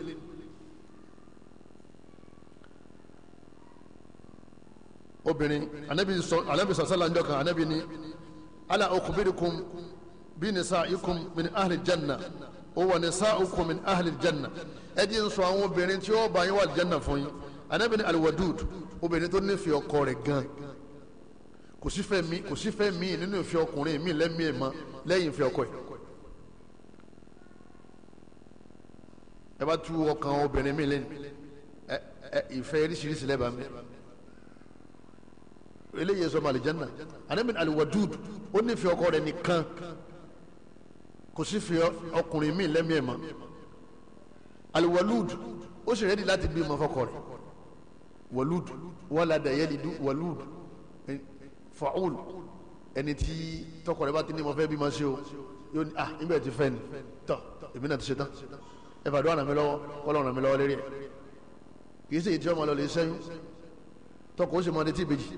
A: obìnrin anabi sọ anabi sọsọlá njọ kan anabi ni ala okubirukum bi nisa ikum min ahli janna o wa nisa ikum min ahli janna ẹ jí n sọ àwọn obìnrin tí ó bá yín wà janna fún yín anabi ni alwadud obìnrin tó nífẹ̀ẹ́ ọkọ rẹ̀ gan-an kò sí fẹ́ mi kò sí fẹ́ mi nínú ìfẹ́ ọkùnrin mi lẹ́mí ẹ̀ mọ́ lẹ́yìn ìfẹ́ ọkọ ẹ̀ ẹ bá tú ọkàn obìnrin mi lẹ́nu ẹ ẹ ìfẹ́ eríṣiríṣi lẹ́bàá mi eléyìí sọ màlìjánà anamí aliwadud ó nífẹ̀ẹ́ ọkọ rẹ̀ nìkan kò sí fẹ́ ọkùnrin mi lẹ́mí ẹ̀ mọ́ aliwalud ó sì rẹ́ẹ̀dì láti bímọ fọkọ rẹ̀ walud wàlàdà yẹlidu walud. walud fa'ul ẹni tí tọkọ rẹ̀ bá ti ní mo fẹ́ bí ma ṣe o yóò ní ah níbẹ̀ ti fẹ́ ni tọ èmi náà ti ṣe tán ẹ fàdúrà ràn mí lọ́wọ́ kọ́lọ́ ràn mí lọ́wọ́ lérí ẹ̀ kì í ṣe ìtí ọmọ lọ lè ṣẹ́yún tọkọ ó sì mọ ẹni tí ìbejì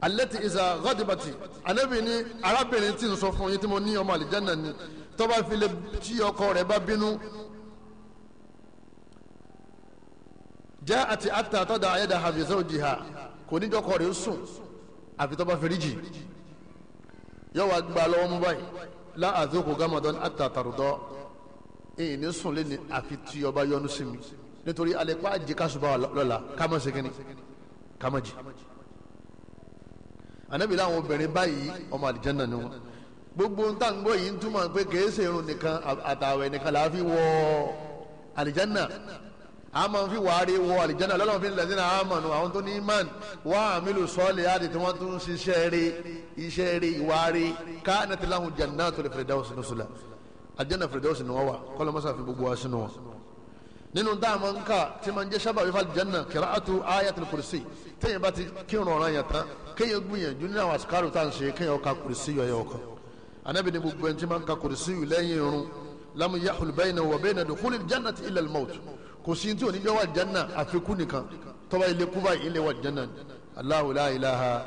A: alẹ́tì ìzà gọ́dìbàtì alẹ́bí ni arábìnrin tí ń sọ fún yín tí mo ní ọmọ àlìjáná ni tọ́ba fi lè tí ọkọ rẹ̀ bá bínú jẹ́ àti àtàtọ́dà ayẹ́dà àfihàn òjìhà kò ní jọkọ rẹ̀ sùn àfi tó bá fẹ́rí jì yóò wá gba lọ́wọ́ mú báyìí láàzó kò gámadọ́n àtàtàrúdọ́ èyí ní sùn lé ní àfi tí ọba yọ́nú sí mi nítorí alẹ́ pa àjẹ kásùbà lọ́la kámọ́ sẹ́kẹ́ni kámọ́ jì ànábì láwọn obìnrin báyìí ọmọ àlìjánná ni wọn gbogbo ń tàǹgbọ̀ yìí ń túmọ̀ pé kèé ṣèrun nìkan àtàwẹ̀ nìkan làá fi wọ àlìjánná a máa fi wàárí wọ àlìjáná lọ́lọ́run fi ń lẹ́sìn náà àmọ̀nù àwọn tó ní imán wá àmìlù sọ́ọ̀lì àti tí wọ́n tún ṣiṣẹ́ rí iṣẹ́ rí ìwárí kanat lahum jannatul firdaus nuzula àjẹ́nà firdaus ni wọ́n wà kọ́lọ́mọ́sá fi gbogbo wa sínú wọn. nínú tá máa ń kà tí máa ń jẹ́ sábà wífà àlìjáná kìrààtù ayatul kursi téèyàn bá ti kírun ọ̀ràn ni gbogbo ẹni tí máa ń ka kursi yù lẹ́yìn irun lam yahul bayna wa bayna dukhulil jannati illa al kò sí tí ò ní jẹ́ wà jẹ́nà àfikún nìkan tọ́ba ilé kúbà ilé wà jẹ́nà Allahu la ilaha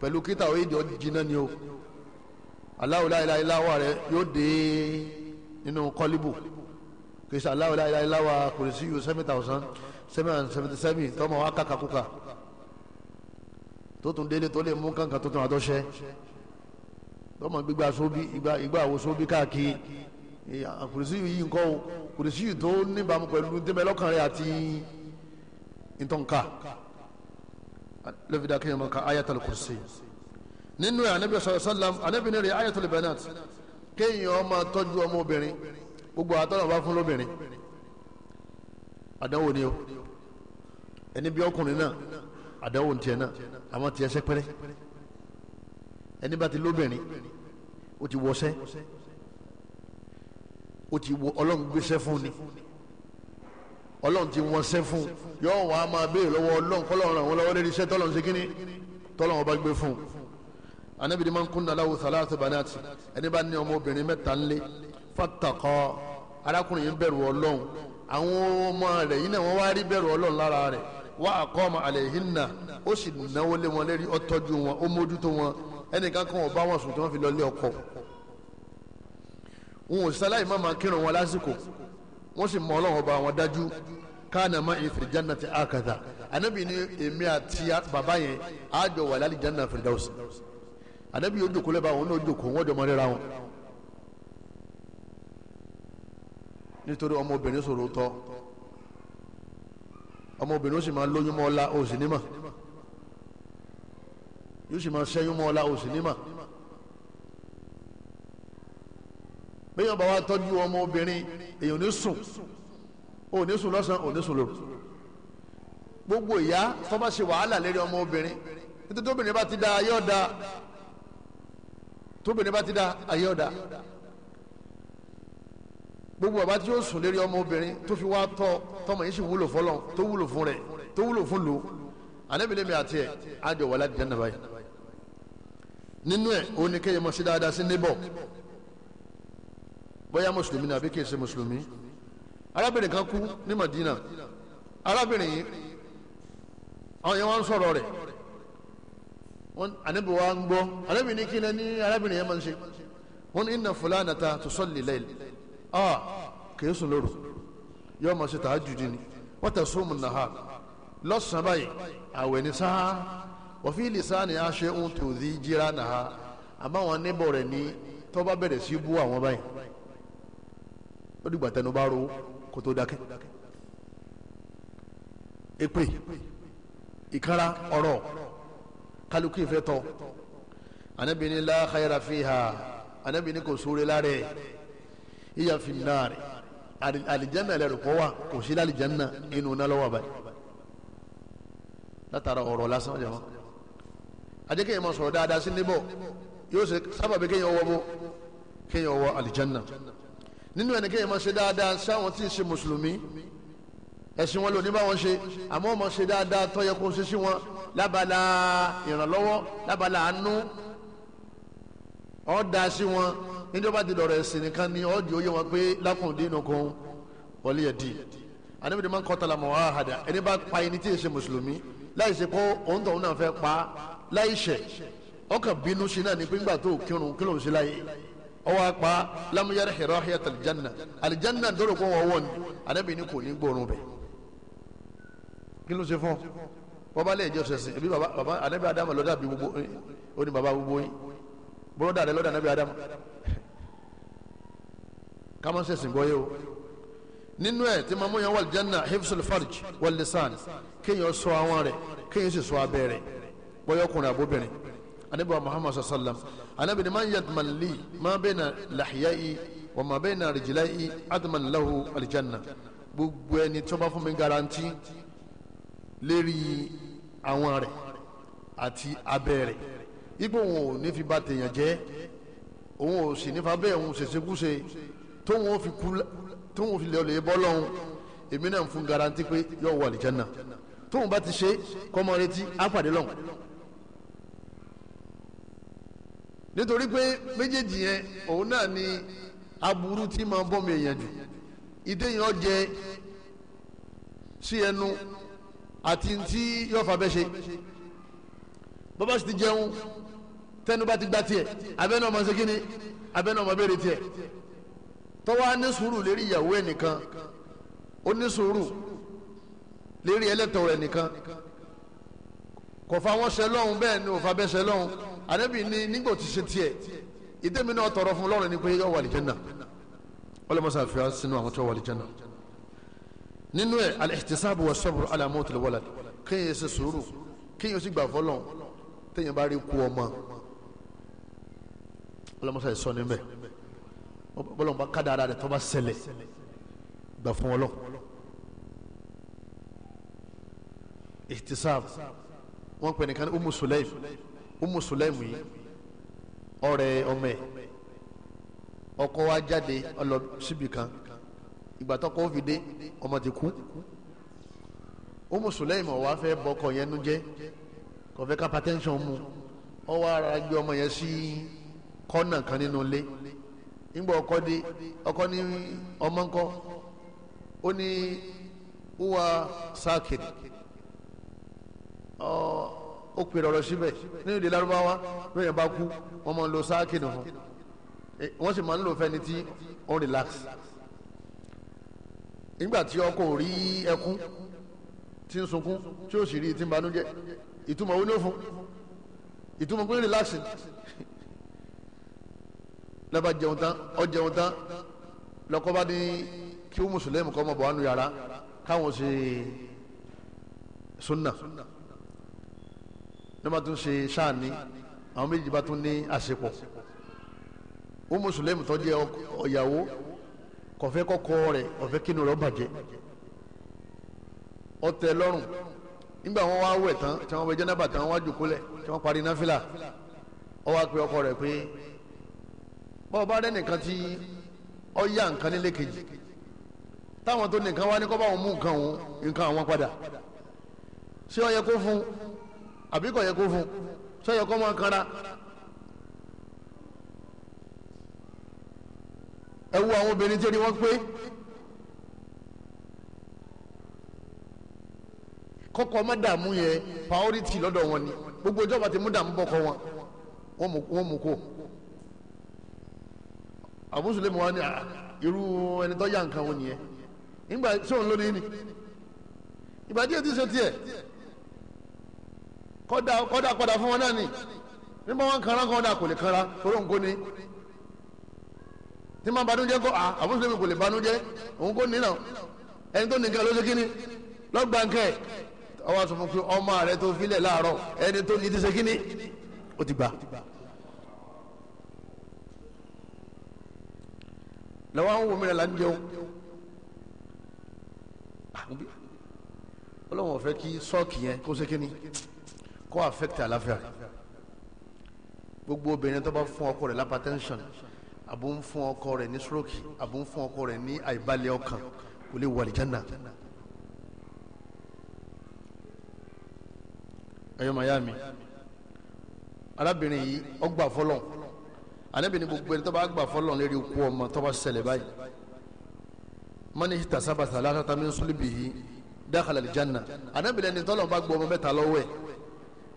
A: pẹ̀lú kíta òye jọ jiná ni o Allahu la ilaha illa huwa rẹ yóò dé nínú kọ́líbù kì í sọ Allahu la ilaha illa huwa kò sí yóò seven thousand seven hundred seventy seven tọ́mọ wa kàkàkùkà tó tún délé tó lè mú kankan tó tún àtọ́ṣẹ́ tọ́mọ gbígbà sóbì ìgbà ìgbà àwo sóbì káàkiri. Eh, kùrìsì yìí nǹkan o kùrìsì yìí tó níbàámu pẹ̀lú dẹ́mẹ́lọ́kàn rẹ̀ àti ntọ́nka lọ́fíìdá kẹ́yìn mọ́ka ayatul kùrìsì nínú ẹ̀ anabi sọ̀rọ̀ sálàm anabi ní rẹ̀ ayatul banat kéèyàn ọmọ tọ́jú ọmọ obìnrin gbogbo àtọ́nà bá fún lóbìnrin àdánwò ni o ẹni bí ọkùnrin náà àdánwò ní tiẹ̀ náà àmọ́ tiẹ̀ sẹ́pẹ́rẹ́ ẹni bá ti lóbìnrin ó ti wọṣẹ́ ó ti wo ọlọ́run gbéṣẹ́ fún ni ọlọ́run ti wọ́n ṣẹ́ fún yóò wá máa béèrè lọ́wọ́ ọlọ́run kọ́lọ́run ràn wọ́n lọ́wọ́ lórí iṣẹ́ tọ́lọ́run ṣe kínní tọ́lọ́run ọba gbé fún anabi ni man kunna lahu thalathu banati ẹni bá ní ọmọ obìnrin mẹ́ta ńlẹ̀ fattaqa arákùnrin yìí bẹ̀rù ọlọ́run àwọn ọmọ rẹ̀ yìí náà wọ́n wá rí bẹ̀rù ọlọ́run lára rẹ̀ wa aqama alayhinna ó sì náwó lé wọn lérí ó wọn ò sáláì má máa kírun wọn lásìkò wọn sì mọ ọlọ́run ọba wọn dájú káànà má ìfẹ́ jẹ́nà ti àkàtà ànábì ni èmi àti bàbá yẹn àjọ wà lálẹ́ jẹ́nà fìdáwùsì ànábì yóò jòkó lẹ́bàá wọn náà jòkó wọn jọ mọ́ rírà wọn. nítorí ọmọbìnrin sọ̀rọ̀ tọ́ ọmọbìnrin ó sì máa lóyún mọ́ ọ́ la ó yóò sì máa ṣẹ́yún mọ́ ọ́ la ó bẹ́ẹ̀ bá wa tọ́jú ọmọ obìnrin èèyàn ní sùn ò ní sùn lọ́sàn-án ò ní sùn lóru gbogbo ìyá tó ṣe wàhálà lérí ọmọ obìnrin nítorí tóbìnrin bá ti da ayé ọ̀dà tóbìnrin bá ti da ayé ọ̀dà gbogbo ọba tí yóò sùn lérí ọmọ obìnrin tó fi wá tọ́ tọmọ yìí sì wúlò fọlọ tó wúlò fún rẹ tó wúlò fún lò anabinemi àti ẹ àjọ wàlá jẹ nàbàyà nínú ẹ òun ni kéèyàn mọ sí dáadáa sí níbọ bóyá mùsùlùmí náà àbí kìí ṣe mùsùlùmí arábìnrin kan kú ní Madina arábìnrin yìí àwọn yẹn wọ́n ń sọ̀rọ̀ rẹ̀ wọ́n ànábì wa ń gbọ́ ànábì ní kí ni arábìnrin yẹn máa ń ṣe wọ́n ní inna fulanata tusalli layl ah kìí sùn lóru yóò máa ṣe tahajjudi ni wa tasumu nahar lọ́sàn-án báyìí àwẹ̀ ní sáà wa fi lisani shay'un tudhi jiranaha àbáwọn níbọ̀ rẹ̀ ní tó bá sí bú àwọn báyìí ó dìgbà tẹnu bá ro kó tó dákẹ́ èpè ìkara ọ̀rọ̀ kálukú ìfẹ́ tọ́ anabi ni la khayra fiha anabi ni kò sóore lára ẹ iya fi naare alijanna lẹrù kọ wa kò sí alijanna inú nalọwọ báyìí látara ọ̀rọ̀ lásán jama adékèyàn ma sọ̀rọ̀ dáadáa sí níbọ yóò ṣe sábàbí kéèyàn wọ bó kéèyàn wọ alijanna nínú ẹni kéèyàn máa ṣe dáadáa sí àwọn tí ì ṣe mùsùlùmí ẹ̀sìn wọn ló ní bá wọn ṣe àmọ́ wọn máa ṣe dáadáa tó yẹ kó ṣe sí wọn lábala ìrànlọ́wọ́ lábala àánú ó dá sí wọn níjọ́ bá ti dọ̀rọ̀ ẹ̀sìn nìkan ni ó di òye wọn pé lákùn dínú kan wọlé yẹ di ànábìdì máa ń kọ́ta lamọ̀ wá àhàdà ẹni bá pa ẹni tí ì ṣe mùsùlùmí láì ṣe òun tó òun náà fẹ́ pa láì ọkàn bínú sí náà ní pé ńgbà tó kírun kírun sí láyé ọwọ́ apá lamuyari hirahiyat alijanna alijanna dọ́rọ̀ kó wọ́n wọ́n ni anabi ni kò ní gbóòórùn bẹ̀ kí ló ṣe fún wọ́n bá lẹ́yìn jọ́sẹ̀ sìn ebi baba baba anabi adama lọ́dà bí gbogbo ó ní baba gbogbo yín bọ́lọ́dà rẹ lọ́dà anabi adama kàmá sẹ̀sìn gbọ́ yé o nínú ẹ̀ tí mamu yan wàlí janna hifsul farj kéèyàn ṣọ́ àwọn rẹ̀ kéèyàn sì ṣọ́ abẹ́ rẹ̀ bọ́yọ̀kùnrin àbóbìnrin anabi wa muhammad sallam anabi ni man yadman li ma bayna lahiyai wa ma bayna rijilai adman lahu aljanna gbogbo ẹni tó bá fún mi garanti lérí àwọn rẹ̀ àti abẹ́ rẹ̀ ipò òun ò ní fi ba tèèyàn jẹ́ òun ò sì nífa bẹ́ẹ̀ òun ṣèṣekúṣe tóun ò fi kú tóun ò fi lè bọ́ lọ́hùn èmi náà ń fún garanti pé yóò wà aljanna tóun bá ti ṣe kọ́mọ retí á pàdé nítorí pé méjèèjì yẹn òun náà ni aburú tí máa bọ́mi èèyàn jù ìdéyàn jẹ sí ẹnu àti tí yóò fa bẹ́ ṣe bọ́bá sì ti jẹun tẹnu bá ti gba tiẹ̀ abẹ́nu ọmọ ṣe kíni abẹ́nu ọmọ béèrè tiẹ̀ tọ́wọ́ ní sùúrù lérí ìyàwó ẹ̀ nìkan ó ní sùúrù lérí ẹlẹ́tọ̀ọ́ rẹ̀ nìkan kò wọn ṣẹlọ́hún bẹ́ẹ̀ ni ò bẹ́ ṣẹlọ́hún anabi ni nígbà tí ṣe tiẹ̀ ìdẹ́mi náà tọrọ fún lọ́rùn ni pé yọ wà lìjẹ́ náà ọlọ́mọsá fi wá sínú àwọn tó wà lìjẹ́ náà nínú ẹ̀ alẹ́tìsáàbù wà sọ́bùrù alámọ́tòlè wọ́lá kéèyàn ṣe sùúrù kéèyàn sì gbà fọlọ́ téèyàn bá rí kú ọmọ ọlọ́mọsá yìí sọ níbẹ̀ bọ́lọ́mọba kádàrà rẹ̀ tó bá ṣẹlẹ̀ gbà fún ọlọ́ ìtìsáàbù wọn pè nìkan ní umu sulaim umu sulaimu yìí ọ̀rẹ́ ọmọ ẹ̀ ọkọ wa jáde ọlọ síbi kan ìgbà tọkọ fi dé ọmọ ti kú umu sulaimu ọwọ afẹ bọkọ yẹn nu jẹ kọfẹ kápá tẹnṣọn mu ọwọ ara gbé ọmọ yẹn sí kọ́nà kan nínú ilé nígbà ọkọ dé ọkọ ní ọmọ ńkọ́ ó ní wúwa sáàkiri ọ ó pè rọrọ síbẹ̀ nínú èdè lárúbáwá lóyìn bá kú wọ́n máa ń lo sáàkì nù fún e, wọ́n sì máa ń lò fẹ́ni tí ó relax nígbà tí ọkọ ò rí ẹkún tí ń sunkún tí ó sì rí tí ń banújẹ́ ìtumọ̀ wo ló fún ìtumọ̀ pé relaxing lọ́ba jẹun tán ọ jẹun tán lọ́kọ́ bá ní kí ó mùsùlùmí kọ́ ọmọ bọ̀ wá nu yàrá káwọn ṣe sunna. sunna ní bá tún ṣe sáàní àwọn méjì bá tún ní àṣepọ̀ ó mùsùlùmí tó jẹ́ ọ̀yàwó kọ̀fẹ́ kọ́kọ́ rẹ̀ ọ̀fẹ́ kínú rẹ̀ bàjẹ́ ọtẹ lọ́rùn nígbà wọn wá wẹ̀ tán tí wọn wẹ̀ jẹ́nàbà tán wá jòkólẹ̀ tí wọn parí náfìlà ó wá pe ọkọ rẹ̀ pé bọ́ọ̀ bá rẹ́ nìkan tí ó yá nǹkan nílé kejì táwọn tó nìkan wá ní kọ́ bá wọn mú nǹkan òun nǹkan àwọn padà ṣé ó yẹ kó fún un àbí kò yẹ kó fún sọ yẹ kó máa kanra ẹ wo àwọn obìnrin tí wọ́n pé kọ́kọ́ má dààmú yẹn priority lọ́dọ̀ wọn ni gbogbo ìjọba ti mú dààmú bọ́kọ wọn wọ́n mú kó àbúsùlẹ̀mù wa ni ah, irú ẹni tó yá nǹkan wọn nìyẹn nígbà tí òun lónìí ni ìbàdí ètí ṣe tiẹ̀ kọ́dà kọ́dà padà fún wọn náà ni nígbà wọn kanra kan dà kò lè kanra torí òun kò ní tí ma banújẹ́ kó a àfúnṣe mi kò lè banújẹ́ òun kò ní náà ẹni tó nìkan ló ṣe kíni lọ́gbà ń kẹ́ ọwọ́ sọ fún mi ọmọ rẹ tó filẹ̀ láàárọ̀ ẹni tó ní ti ṣe kíni ó ti gbà. lọ́wọ́ àwọn wo mi rẹ̀ là ń jẹun ah, ọlọ́wọ́n fẹ́ kí sọ́ọ̀kì yẹn kó ṣe kíni kó affecte àlàáfíà rẹ̀ gbogbo obìnrin tó bá fún ọkọ rẹ̀ lápatẹ́ńsọ̀n àbò ń fún ọkọ rẹ̀ ní stroke àbò ń fún ọkọ rẹ̀ ní àìbalẹ̀ ọkàn kò lè wọ àlìjánà. ẹyọ mayami arábìnrin yìí ọgbà fọlọ anábìnrin gbogbo ẹni tó bá gbà fọlọ lérí ikú ọmọ tó bá ṣẹlẹ̀ báyìí mọ́ni tasabasa látàtàmí sulibihi dákàlà àlìjánà anábìnrin ẹni tọ́lọ́ bá gbọ́ ọmọ mẹ́ta lọ́wọ́ ẹ̀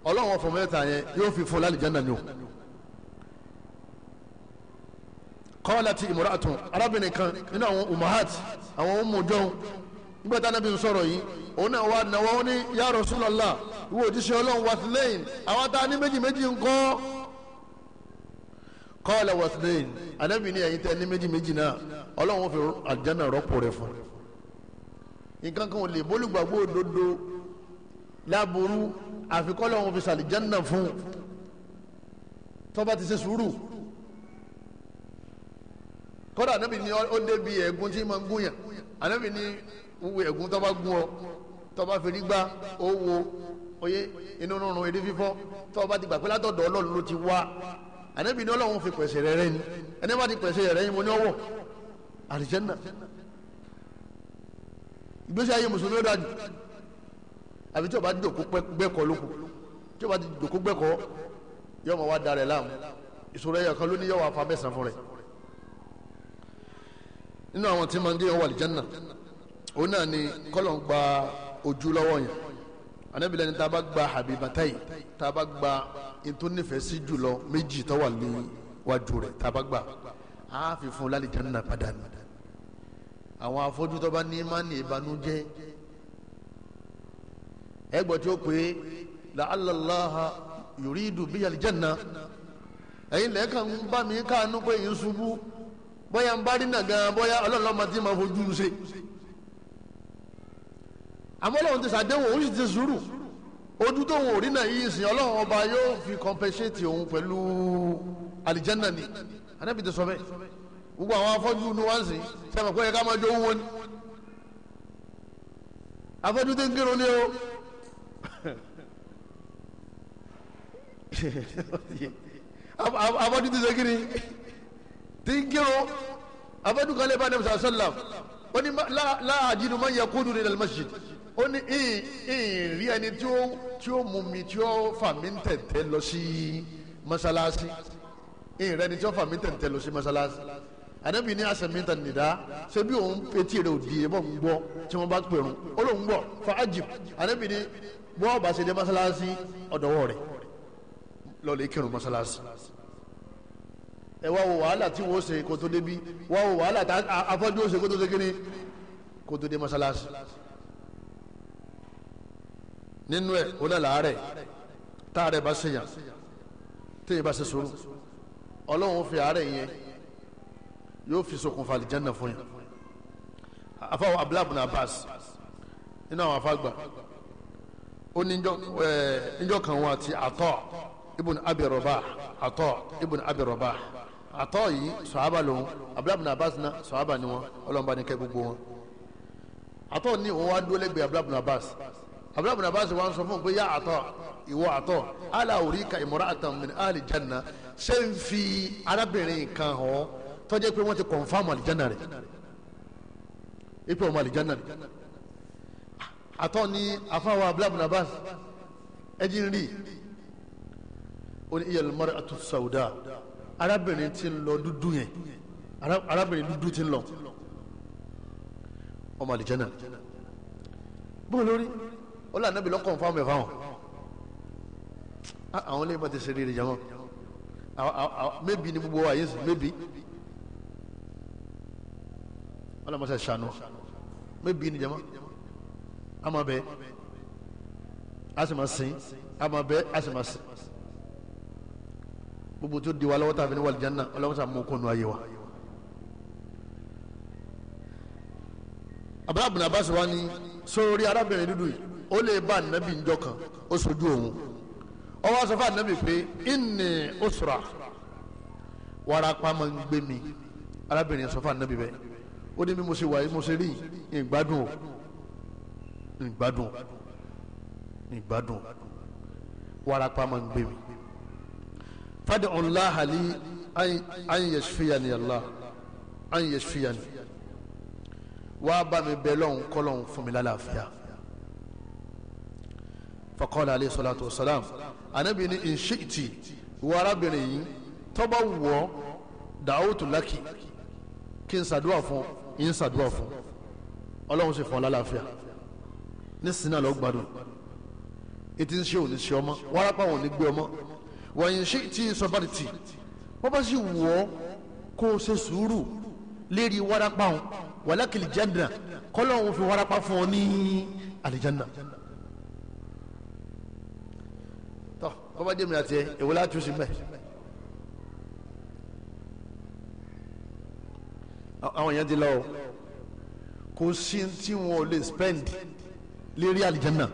A: ọlọ́run ọ̀fọ̀ mẹ́ta yẹn yóò fi fún lálìjáná ni o kọ́ọ̀láti ìmúratùn arábìnrin kan nínú àwọn umahat àwọn ọmọdéhùn nígbà tá anábì ń sọ̀rọ̀ yìí òun náà wà náwó ní ya Rasulullah ìwé òjíṣẹ́ ọlọ́run wasilẹ́yìn àwọn tá a ní méjì méjì ń kọ́ kọ́ọ̀lá wasilẹ́yìn anábì ní ẹ̀yìn tẹ́ ní méjì méjì náà ọlọ́run fi àlìjáná rọ́pò rẹ̀ fún nǹkan kan ò lè bólúgbàgbó òdodo láburú àfikọ́ lọ́wọ́ fi sàlìjánná fún tọ́ba ti ṣe sùúrù kódà anábì ni ó débi ẹ̀gún tí máa ń gún yàn anábì ni wúwo ẹ̀gún tọ́ba gún ọ tọ́ba fèrè gbá owó oyé inú rúnrún èdè fífọ́ tọ́ba ti gbà pé látọ̀dọ̀ ọlọ́run ló ti wá anábì ni ọlọ́run fi pèsè rẹ̀ rẹ̀ ni ẹni bá ti pèsè rẹ̀ rẹ̀ ni mo ní ọwọ́ àlìjánná ìgbésí ayé mùsùlùmí ó dájú àbí tí o bá dòkó gbẹ́kọ̀ lóko tí o bá dòkó gbẹ́kọ̀ yóò máa wá darẹ̀ láàmú ìṣòro ẹ̀yà kan ló ní wá fa mẹ́sàn fún rẹ̀ nínú àwọn tí máa ń dé ọwọ́ àlìjánà òun náà ni kọ́lọ̀ ń gba ojú lọ́wọ́ yẹn anábìlẹ̀ ni tá a bá gba habibatai tá a bá gba ètò nífẹ̀ẹ́ sí jùlọ méjì tó wà ní wájú rẹ̀ tá a bá gbà fún lálìjánà padà ní àwọn afọ́jú tó ní má ní ìbànújẹ́ ẹgbọ́ tí ó pè é la'alla Allaha yuridu biyal ń bá mi káànú pé yín ṣubú bóyá ń nà gan bóyá ma fojú ṣe àmọ́ ọlọ́run ti ṣàdéhùn òun sì ti sùúrù ojú tó wọn ọlọ́run ọba yóò fi compensate òun pẹ̀lú ni anábì ti sọ gbogbo àwọn afọ́jú ni wọ́n sìn sẹ́mi ká máa jó ni afọ́jú abọ́dún ti segin ni tí ń kírun abọ́dún kan lè bá nàbẹ̀sà sọ́làm ó ní láàjínú máa ń yẹ kúndùn ní almasjid ó ní ìyìn rí ẹni tí ó mú mi tí ó fà mí tẹ̀tẹ̀ lọ masalasi. mọ́sálásí ìyìn rẹ ni tí ó fà mí tẹ̀tẹ̀ lọ sí mọ́sálásí ànábì ní asẹ̀mìtà nìdá ṣé bí òun etí rẹ̀ òdì ẹ̀ bọ́ ń gbọ́ tí wọ́n bá pèrún ó fa ajib ànábì ní bọ́ọ̀ bá ṣe dé mọ́sálásí ọ̀dọ̀wọ́ lọ́ọ̀lẹ́ kírun mọ́sálásí ẹ wá wo wàhálà tí wọ́n ṣe kó tó débi wá wo wàhálà tá afọ́jú ó ṣe kó tó dé kíni kó tó dé mọ́sálásí nínú ẹ̀ ó náà làárẹ̀ tá a rẹ̀ bá ṣèyàn téèyàn bá ṣe sùúrù ọlọ́run fi àárẹ̀ yẹn yóò fi ṣokùnfà àlìjánà fún yàn afáwọn abúláàbù náà nínú àwọn afágbà ó ní kan wọn àti àtọ́ ibùn abi Rabah àtọ ibùn abi Rabah àtọ yìí sọ̀hábà lòun abúlábùn abbas náà sọ̀hábà ni wọn ọlọ́mọba ní kẹ́ gbogbo wọn àtọ ní òun wá dúró lẹ́gbẹ̀ẹ́ abúlábùn abbas abúlábùn abbas wa ń sọ fún pé yá àtọ ìwọ àtọ ala urika imra'atan min ahli janna ṣé ń fi arábìnrin kan hàn tó pé wọ́n ti kọ̀nfàmù àlìjánà rẹ̀ ipe ọmọ àlìjánà rẹ̀ àtọ ní afáwọn abúlábùn abbas ẹjí rí i ó ní iyẹlẹ mọ́rẹ́ àti sàwùdà arábìnrin ti ń lọ dúdú yẹn arábìnrin dúdú ti ń lọ ọmọ àlìjẹ́nà bọ́ọ̀ lórí ó lànà bí lọ́kàn fáwọn ẹ̀fà wọn àwọn ilé ìbọn ah, ti ṣe rere jàmọ́ mẹ́bí ni gbogbo àyè sùn mẹ́bí ọlọ́mọṣẹ́ ṣàánú mẹ́bí ni jàmọ́ àmọ́ bẹ́ẹ̀ a sì máa sìn àmọ́ bẹ́ẹ̀ a sì máa sìn gbogbo tó di wa lọ́wọ́ tàbí ní wàlìjánná ọlọ́run sà mú kónú ayé wa. abdullahi bin abbas wa ni sórí arábìnrin dúdú yìí ó lè bá anabi njọ kan ó sojú òun ó wá sọ fún anabi pé inni usra warapa máa ń gbé mi arábìnrin sọ fún anabi bẹ́ẹ̀ ó ní bí mo ṣe wà yìí mo ṣe rí ìgbádùn ìgbádùn ìgbádùn warapa máa ń gbé mi fad'u Allah li an yashfiyani Allah an yashfiyani wàá bá mi bẹ̀ lọ́hùn kọ́lọ́hùn fún mi lálàáfíà faqala aleyhi salatu wa salam anabi ni in shi'ti wọ arábìnrin yìí tó bá wọ̀ da'awtu laki kí n ṣàdúrà fún yín ṣàdúrà fún ọlọ́run sì fún ọ lálàáfíà ní sinna lọ gbádùn ètí ń ṣe òní ṣe ọmọ wàrápá òní gbé ọmọ wọ̀nyí ṣe ti sọ̀bàrìtì wọ́n bá sì wọ̀ ọ́ kó o ṣe sùúrù lérí warapa ọ̀hún wàlákìlì jẹ́nà kọ́lọ́ òun fi warapa fún ọ ní àlìjẹ́nà. tọ́ wọ́n bá jẹ́mi àti ẹ̀ èwo láti tún sí mẹ́. àwọn èèyàn ti lọ kò sí tí wọn ò lè spend lérí àlìjẹ́nà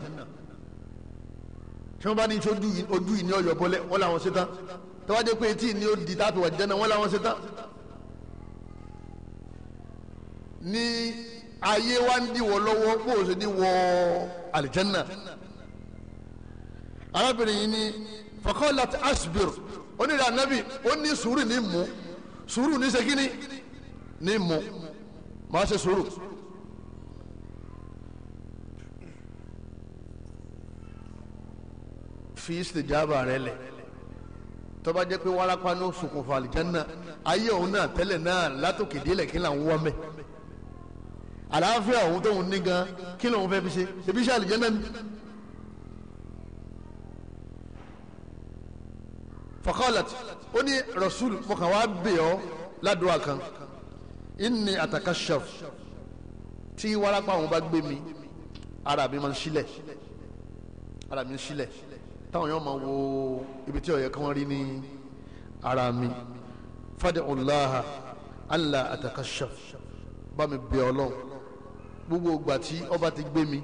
A: tí wọ́n bá ní ojú ojú ìní ọ̀yọ́ bọ́lẹ̀ wọ́n làwọn ṣe tán tí wọ́n á jẹ́ pé etí ìní ó di táàpì wà jẹ́ náà wọ́n làwọn ṣe tán. ní ayé wa ń diwọ lọ́wọ́ kó o sì diwọ àlìjẹ́nà arábìnrin yìí ni fakọ́lá ti asbir onírà nábì ó ní sùúrù ní mú sùúrù ní segin ní mú màá ṣe sùúrù. fi ìsìlẹ̀jáàbà rẹ lẹ̀ tọ́ba jẹ́ pé wárápá ní oṣùkùnfà àlìjánná ayé òun náà tẹ́lẹ̀ náà látòkè délẹ̀ kí làwọn wọ́n mẹ́ àlàáfíà òun tóun ní gan kí lòun fẹ́ fi ṣe ebi ṣe àlìjánná ni. fakalat ó ní rasul mọ̀kàn wá bẹ̀ ọ́ ládùúgbò kan inni atakashaf tí wárápá òun bá gbé mi ara mi máa ń sílẹ̀ ara mi ń sílẹ̀ táwọn yóò máa wo ibi tí ó yẹ kí wọ́n rí ní ara mi fad'ullaha alla atakashaf bá mi bẹ ọlọ́run gbogbo ìgbà tí ọba ti gbé mi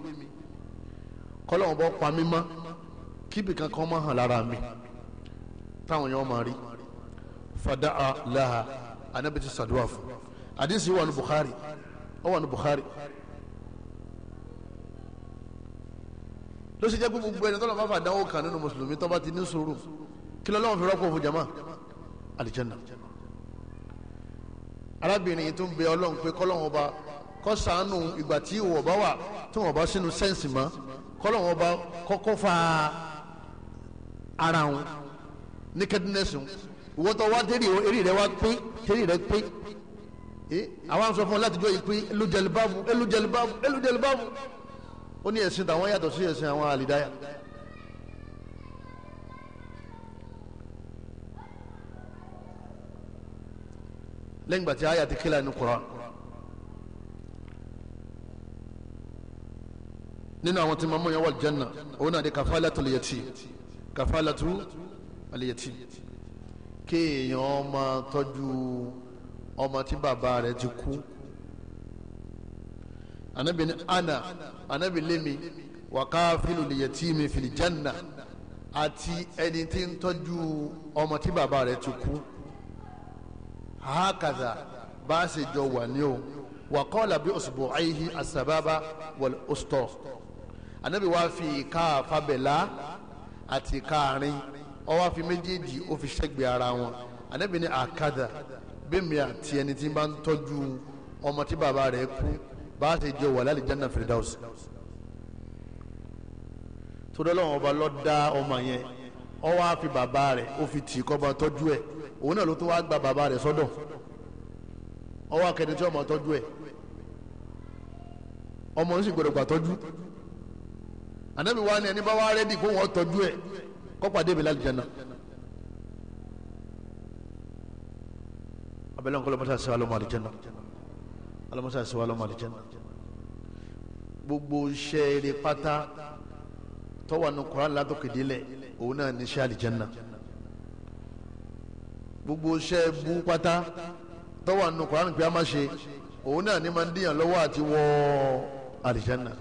A: kọ́lọ́wọ́n bọ́ pa mí mọ́ kíbi kankan máa hàn lára mi táwọn yóò máa rí fada'a laha anabi ti sàdúrà fún àdìsí wà ní Bukhari ó wà ní Bukhari. ló ṣe jẹ́ pé gbogbo ẹni tọ́lọ́ bá fà dánwó kan nínú mùsùlùmí tó bá ti ní sùúrù kí lọ́lọ́run fi rọ́pò fún jama alijanna arábìnrin yìí tó ń bẹ ọlọ́run pé kọ́lọ́run ọba kó ṣàánú ìgbà tí ìwọ̀ bá wà tí wọ́n bá sínú sẹ́ǹsì mọ́ kọ́lọ́run ọba kọ́kọ́ fa ara wọn nakedness wọn ìwọ́n tó wá tẹ́rì eré rẹ wá pé tẹ́rì rẹ pé àwọn sọ fún ọ láti jọ yìí pé elujẹlibaabu elujẹlibaabu ó ní ẹ̀sìn tàwọn yàtọ̀ sí ẹ̀sìn àwọn àlìdáyà lẹ́yìn gbàtí àyà ti kílà ní Qur'an nínú àwọn tí mamu yẹn wà janna òun náà di kafalatul yatim kafalatul yatim kéèyàn máa tọ́jú ọmọ tí bàbá rẹ̀ ti kú anabi ni ana anabi lemi wakafilu liyatimi filijanna àti ẹni tí ń tọ́jú ọmọ tí bàbá rẹ̀ ti kú hakaza bá a ṣe jọ wà ní o wakọ́ọ̀lá bí òṣùbọ̀ àyíhí àṣàbábá wọlé ọ̀ṣtọ̀ anabi wá fi ìka àfàbẹ̀lá àti ìka àárín ó fi méjèèjì ó fi ṣẹ́gbẹ̀ẹ́ ara wọn anabi ni àkàdà bẹ́ẹ̀ mi ẹni tí ń bá ń ọmọ tí bàbá rẹ̀ kú bá a sì jọ wà lálẹ́ jẹ́nà fèrèdáwùsì torí ọlọ́run ọba ló dá ọmọ yẹn ó wá fi bàbá rẹ̀ ó fi tì í kọ́ bá tọ́jú ẹ̀ òun náà ló tún wá gba bàbá rẹ̀ sọ́dọ̀ ó wá akẹ́ni tí ọmọ tọ́jú ẹ̀ ọmọ ń sì gbọdọ̀ gbà tọ́jú ànábì wa ni ẹni bá wá rẹ́dì kó wọ́n tọ́jú ẹ̀ kó pàdé mi lálẹ́ jẹ́nà. abẹ́lẹ́ nǹkan ló mọ́tà alamọ́sá sí wa lọ́mọ àlìjẹ́nà gbogbo iṣẹ́ eré pátá tọ́wọ́ nu koran látòkèdélẹ̀ òun náà ní iṣẹ́ àlìjẹ́nà gbogbo iṣẹ́ bú pátá tọ́wọ́ nu koran pé a má ṣe òun náà ní máa ń díyàn lọ́wọ́ àti wọ àlìjẹ́nà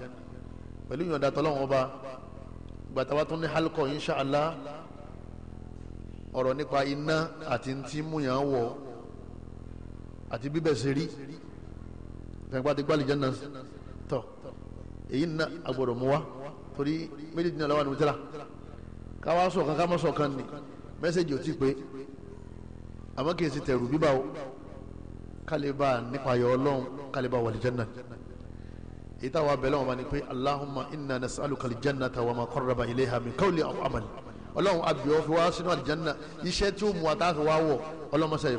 A: pẹ̀lú ìyọ̀ǹda tọ́lọ́wọ́n ọba gbàtàwá tún ní halkọ insha Allah ọ̀rọ̀ nípa iná àti ntí múyàn wọ̀ àti bíbẹ̀ ṣe gbàgbà ti gbàlejò náà tọ̀ èyí ní agbọ̀dọ̀ mú wa torí méjì dín aláwa ni mo tẹ́ra káwa sọ̀kan ká má sọ̀kan ni mẹ́sẹ̀gì ò tí pé àmọ́ kì í ṣe tẹ̀rù bíbá o kálíbà nípa ayọ̀ ọlọ́run kálíbà wà lìjẹ́ náà èyí táwa bẹ̀rẹ̀ wọn bá ní pé Allahumma inna nas'aluka al-jannata wa ma qarraba ilayha min qawli aw amali ọlọ́run àbíọ́ fi wá sínú àlìjẹ́ náà iṣẹ́ tí ó mú wa táà fi wá wọ̀ ọlọ́mọṣẹ́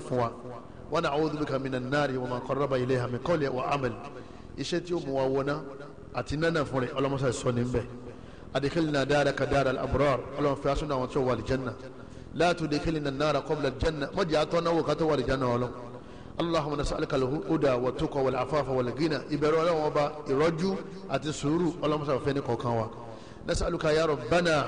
A: wa na'udhu bika minan nari wa ma qarraba ilayha min qawli wa amal iṣẹ́ tí ó mú wa wọná àti nánà fún rẹ̀ ọlọ́mọṣà sọ ní bẹ́ẹ̀ adkhilna daraka daral abrar ọlọ́run fi aṣọ àwọn tí ó wà lìjánná la tudkhilna an-nara qabla al-janna mọ̀jì àtọ́ náwó kátó wà lìjánná ọlọ́run allahumma nas'aluka al-huda wa tuqa wal afafa wal ghina ìbẹ̀rù ọlọ́run ọba ìrọ́jú àti sùúrù ọlọ́mọṣà fẹ́ ní kọ̀ọ̀kan wa nas'aluka ya rabbana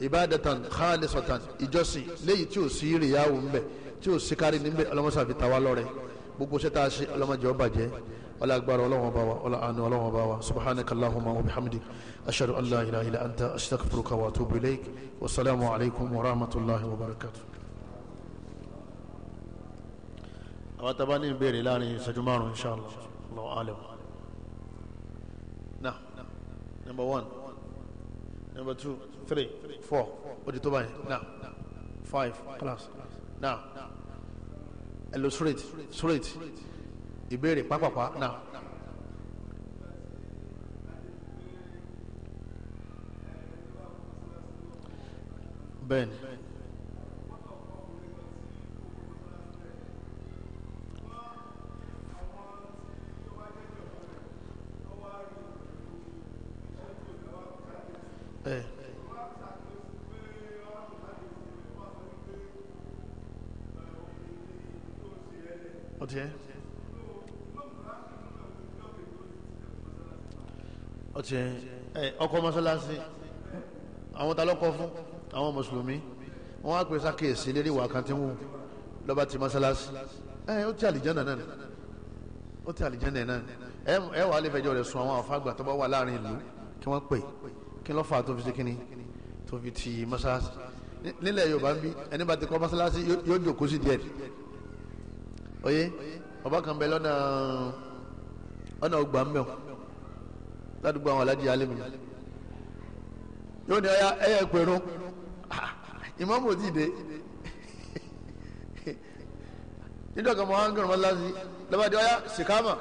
A: ibadatan khalisatan ìjọsìn léyìí tí ò sí rìyáwó ń tí ò síkárì níbẹ̀ ọlọ́mọsá fi ta wá lọ́rẹ̀ gbogbo ṣe tá a ṣe ọlọ́mọdé ọba jẹ́ ọlá agbára ọlọ́wọ́n bá wa ọlá àánú ọlọ́wọ́n bá wa subhanaka allahumma wa bihamdik ashhadu an la ilaha illa anta wa atubu ilayk wa salaamu alaykum wa rahmatulahi wa barakatuh. àwọn tá ní ìbéèrè láàrin ìṣẹ́jú márùn-ún inshallah Allahu alam. na number one number two three four ó di tó báyìí na five class náà ẹ lo straight straight ìbéèrè pápápá náà. bẹ́ẹ̀ni. tiẹ̀ ó tiẹ̀ ọkọ mọ́sálásí àwọn ta lọ́kọ fún àwọn mùsùlùmí wọ́n á pè sákèsí lérí ìwà kan tí wọ́n lọ́ba ti mọ́sálásí ẹ ó ti àlìjánà náà ó ti àlìjánà náà ẹ wà á lè fẹjọ́ rẹ̀ sun àwọn àfáàgbà tó bá wà láàrin ìlú kí wọ́n pè kí ló fà á tó fi ṣe kínní tó fi ti mọ́sálásí nílẹ̀ Yorùbá ń bí ẹni bá ti kọ́ mọ́sálásí yóò jòkó sí díẹ̀ oye ọba kan bẹ na ọ̀nà ọgbà mbẹ́ ládùúgbò àwọn alájí alẹ́mi yóò ní ọ̀ya ẹ̀yẹ pẹ̀rún ìmọ̀mù ò dé nígbà kan mọ̀ wá ń gbẹ̀rún mọ́láṣí lọ́bàdì ọ̀ya sìkámà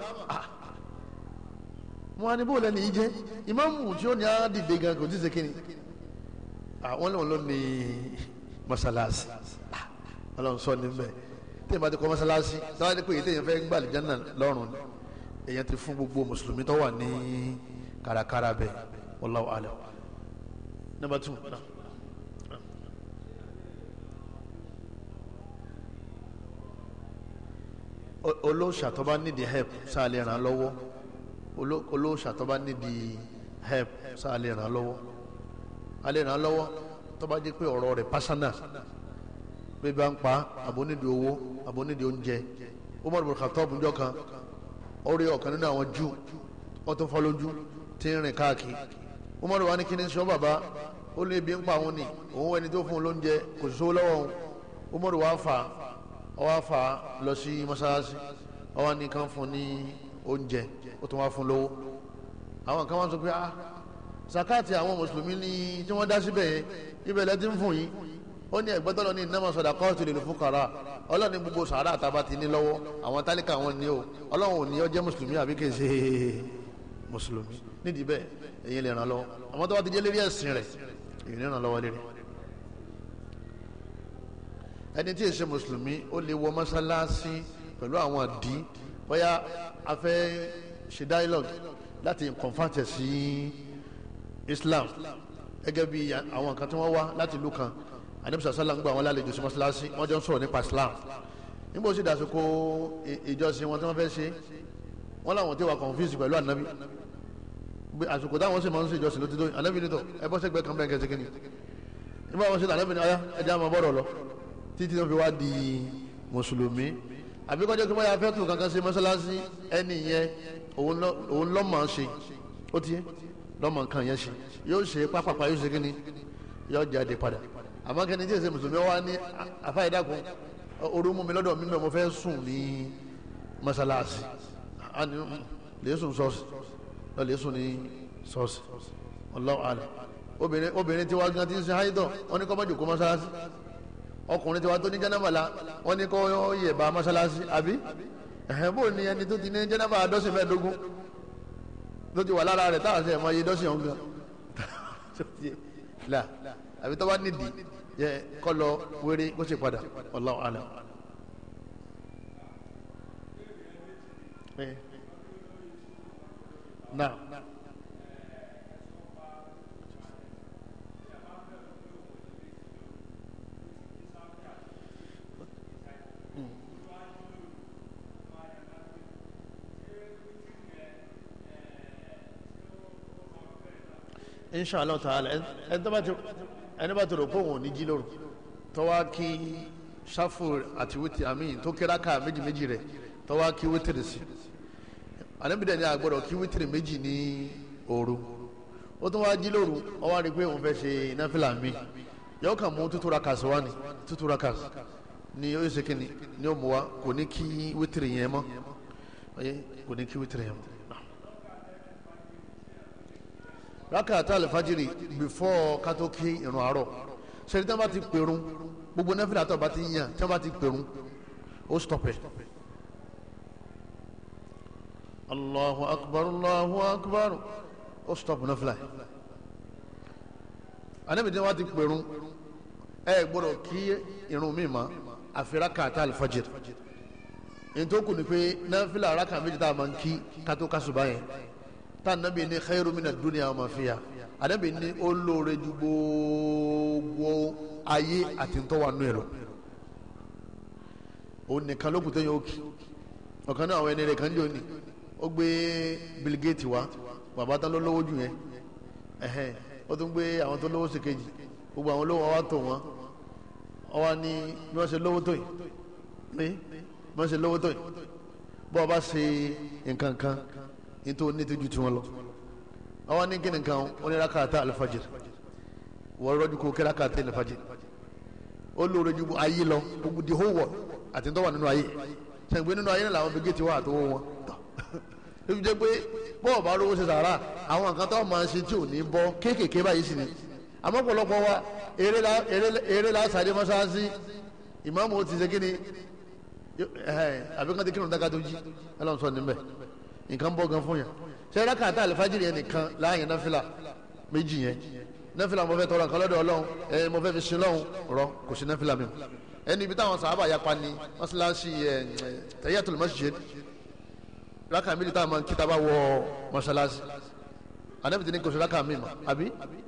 A: mo wá ní bó lẹ́nu yìí jẹ́ ìmọ̀mù tí ó ní á dìde gan kò tí ì àwọn ló ní téèyàn bá ti kọ́ mọ́sálásí táwa ní pé èyí téèyàn fẹ́ gbà àlìjáná lọ́rùn èyàn ti fún gbogbo mùsùlùmí tó wà ní kárakára bẹ́ẹ̀ wallahu alam. number two. Nah. olóòṣà tó bá nídìí help sáà lè ràn án lọ́wọ́ olóòṣà tó bá nídìí help sáà ràn án lọ́wọ́ a ràn án lọ́wọ́ tó bá jẹ́ pé ọ̀rọ̀ rẹ̀ personal bí bá ń pa àbónídìí owó àbónídìí oúnjẹ Umar bin Khattab njọ kan ó rí ọ̀kan nínú àwọn jù ó tún fọ́ lójú tí ń rìn káàkiri Umar wa ní kí ni sọ bàbá ó lé ebi ń pa òun ni òun ẹni tó fún un lóúnjẹ kò sí sówó lọ́wọ́ òun Umar wa fà ó wá fà lọ sí mọ́ṣáláṣí ó wá ní kàn fún ní oúnjẹ ó tún wá fún lówó àwọn kan wá sọ pé ah zakati àwọn mùsùlùmí ni tí wọ́n dá síbẹ̀ yẹn ibẹ̀ lẹ́tí ń fún yín ó ní ẹ̀gbọ́n tọ́lọ́ ní innama sadaqatu lil fuqara ọlọ́run ní gbogbo sàárà àtàbà ti ní lọ́wọ́ àwọn tálíkà wọn ní o ọlọ́run ò ní ó jẹ́ mùsùlùmí àbí kì í ṣe mùsùlùmí nídìí bẹ́ẹ̀ èyí lè ràn lọ́wọ́ àwọn tó bá ti jẹ́ lérí ẹ̀sìn rẹ̀ èyí lè ràn lọ́wọ́ lérí. ẹni tí èsè mùsùlùmí ó lè wọ mọ́sálásí pẹ̀lú àwọn àdí bóyá a fẹ́ ṣe dialogue láti kọ̀ǹfàtẹ̀ Islam gẹ́gẹ́ bí àwọn nǹkan tí wọ́n wá anamisa sallam ń gba àwọn alálejò sí mọ́ṣáláṣí wọ́n jọ ń sọ̀rọ̀ nípa islam nígbà tí dàsìkò ìjọsìn wọn tí wọ́n fẹ́ ṣe wọ́n làwọn tí wà confuse pẹ̀lú anabi àsìkò táwọn sì máa ń ṣe ìjọsìn lótìtò anabi nítọ̀ ẹ bọ́ sẹ́gbẹ́ kan bẹ́ẹ̀ kẹsì kínní nígbà wọn ṣe anabi ní ọyá ẹja máa bọ̀rọ̀ lọ títí wọn fi wá di mùsùlùmí àbí kọjá kí wọ́n yà fẹ́ tún kankan ṣe mọ́ṣáláṣí ẹni yẹn òun lọ́mọ̀ ṣe ó ti lọ́mọ̀ nǹkan yẹn ṣe yóò ṣe pápápá yóò ṣe kínní yóò jáde padà àmọ́ kẹ́ni tí èsè mùsùlùmí wá ní ah, àfáìdá kan orú mú mi lọ́dọ̀ mi mẹ́mọ́ fẹ́ sùn ní mọ́sálásì àni lè sùn sọ́ọ̀sì lọ lè sùn ní sọ́ọ̀sì Allahu a'lam obìnrin obìnrin tí wá gan ti ń sin háyídọ̀ wọ́n ní kó má jókòó mọ́sálásì ọkùnrin tí wá tó ní jẹ́nàbàlá wọ́n ní kó yẹ̀bà mọ́sálásì àbí ẹ̀hẹ́n bò ní ẹni tó ti ní jẹ́nàbà dọ́sìn mẹ́ẹ̀ẹ́dógún tó ti wà lára rẹ̀ táwọn ṣe ẹ̀mọ́ iye dọ́sìn ọ̀hún gan àbí tó bá nídìí yẹ kọlọ wéré kó sì padà wallahu alam. náà inshallah ta'ala ẹ ẹ dọ́bà tí. ẹni bá ti rò pé òun ò ní jí lóru tọ́wá kí ṣáfù àti wítì àmì tó kẹ́ra ká méjì méjì rẹ̀ tọ́wá kí wítìrì sí ànábìdẹ̀ ni àgbọ̀dọ̀ kí wítìrì méjì ní òru ó tún wá jí lóru ó wá rí pé òun fẹ́ kàn mú tútúra kàṣí wá ni tútúra kàṣí ni ó ṣe kíni ni ó mú wa kò ní kí wítìrì yẹn mọ́ kò ní kí wítìrì yẹn mọ́ rákàtà àlìfájìrì before kátó kí ìrun àárọ̀ sẹ́ni tí wọ́n bá ti pèrún gbogbo nẹ́fìlà tó bá ti yàn tí wọ́n bá ti pèrún ó stop ẹ̀. allahu akbar allahu akbar ó stop nẹ́fìlà yìí. anábìtí wọ́n ti pèrún ẹ gbọ́dọ̀ kí ìrun mi mọ́ àfi rákàtà àlìfájìrì. ètò ni pé nẹ́fìlà rákà méjì tá a máa ń kí kátó kásùbá yẹn tá ànábì ní khairu mina dunya ma fiya ànábì ní ó lóore ju gbogbo ayé àti ntọ́wà nù ẹ̀ lọ òun nìkan ló kù tẹ́yìn òkì ọ̀kan náà àwọn ẹni rẹ̀ kan jò ní ó gbé Bill Gates wá bàbá tán ló lówó jù yẹn ẹ̀hẹ́n ó tún gbé àwọn tó lówó sí kejì gbogbo àwọn olówó wa tó wọn ọwọ́ ni bí wọ́n ṣe lówó tó yìí bí wọ́n ṣe lówó tó yìí bọ́ọ̀ bá ṣe nǹkan Into ní tijú tiwọn lọ àwọn ní kí nìkan oníraka ta alifajiri wọ́n rọ́jú kó kíraka ta alifajiri ó lóore ju ayé lọ gbogbo di hó wọ̀ àti ntọ́wà nínú ayé sẹ́gbẹ́ nínú ayé náà làwọn fi géètì wà àtọwọ́ wọn ebi jẹ pé bọ́ọ̀ bá lówó ṣe sàrà àwọn nǹkan tó máa ń ṣe tí ò ní bọ́ kéékèèké báyìí sì ni àmọ́ pọ̀lọpọ̀ wa eré lásàdé mọ́ṣáláṣí ìmáàmù ó ti ṣe kí ni àbíkan ti kírun dákàtó jí ẹ lọ́n sọ níbẹ̀ nǹkan bọ́ gan fún yẹn ṣé rákàtà àlùfájìrì yẹn nìkan láàyè náfìlà méjì yẹn náfìlà mo fẹ́ tọrọ nǹkan lọ́dọ̀ ọlọ́run ẹ mo fẹ́ fi sin lọ́hùn rọ kò sí náfìlà mi ẹni ibi táwọn sàábà yapa ni mọ́ṣáláṣí ẹ tahiyatul masjid rákà mílì táwọn máa ń kíta bá wọ mọ́ṣáláṣí anábìtì ní kò sí rákà mi mà àbí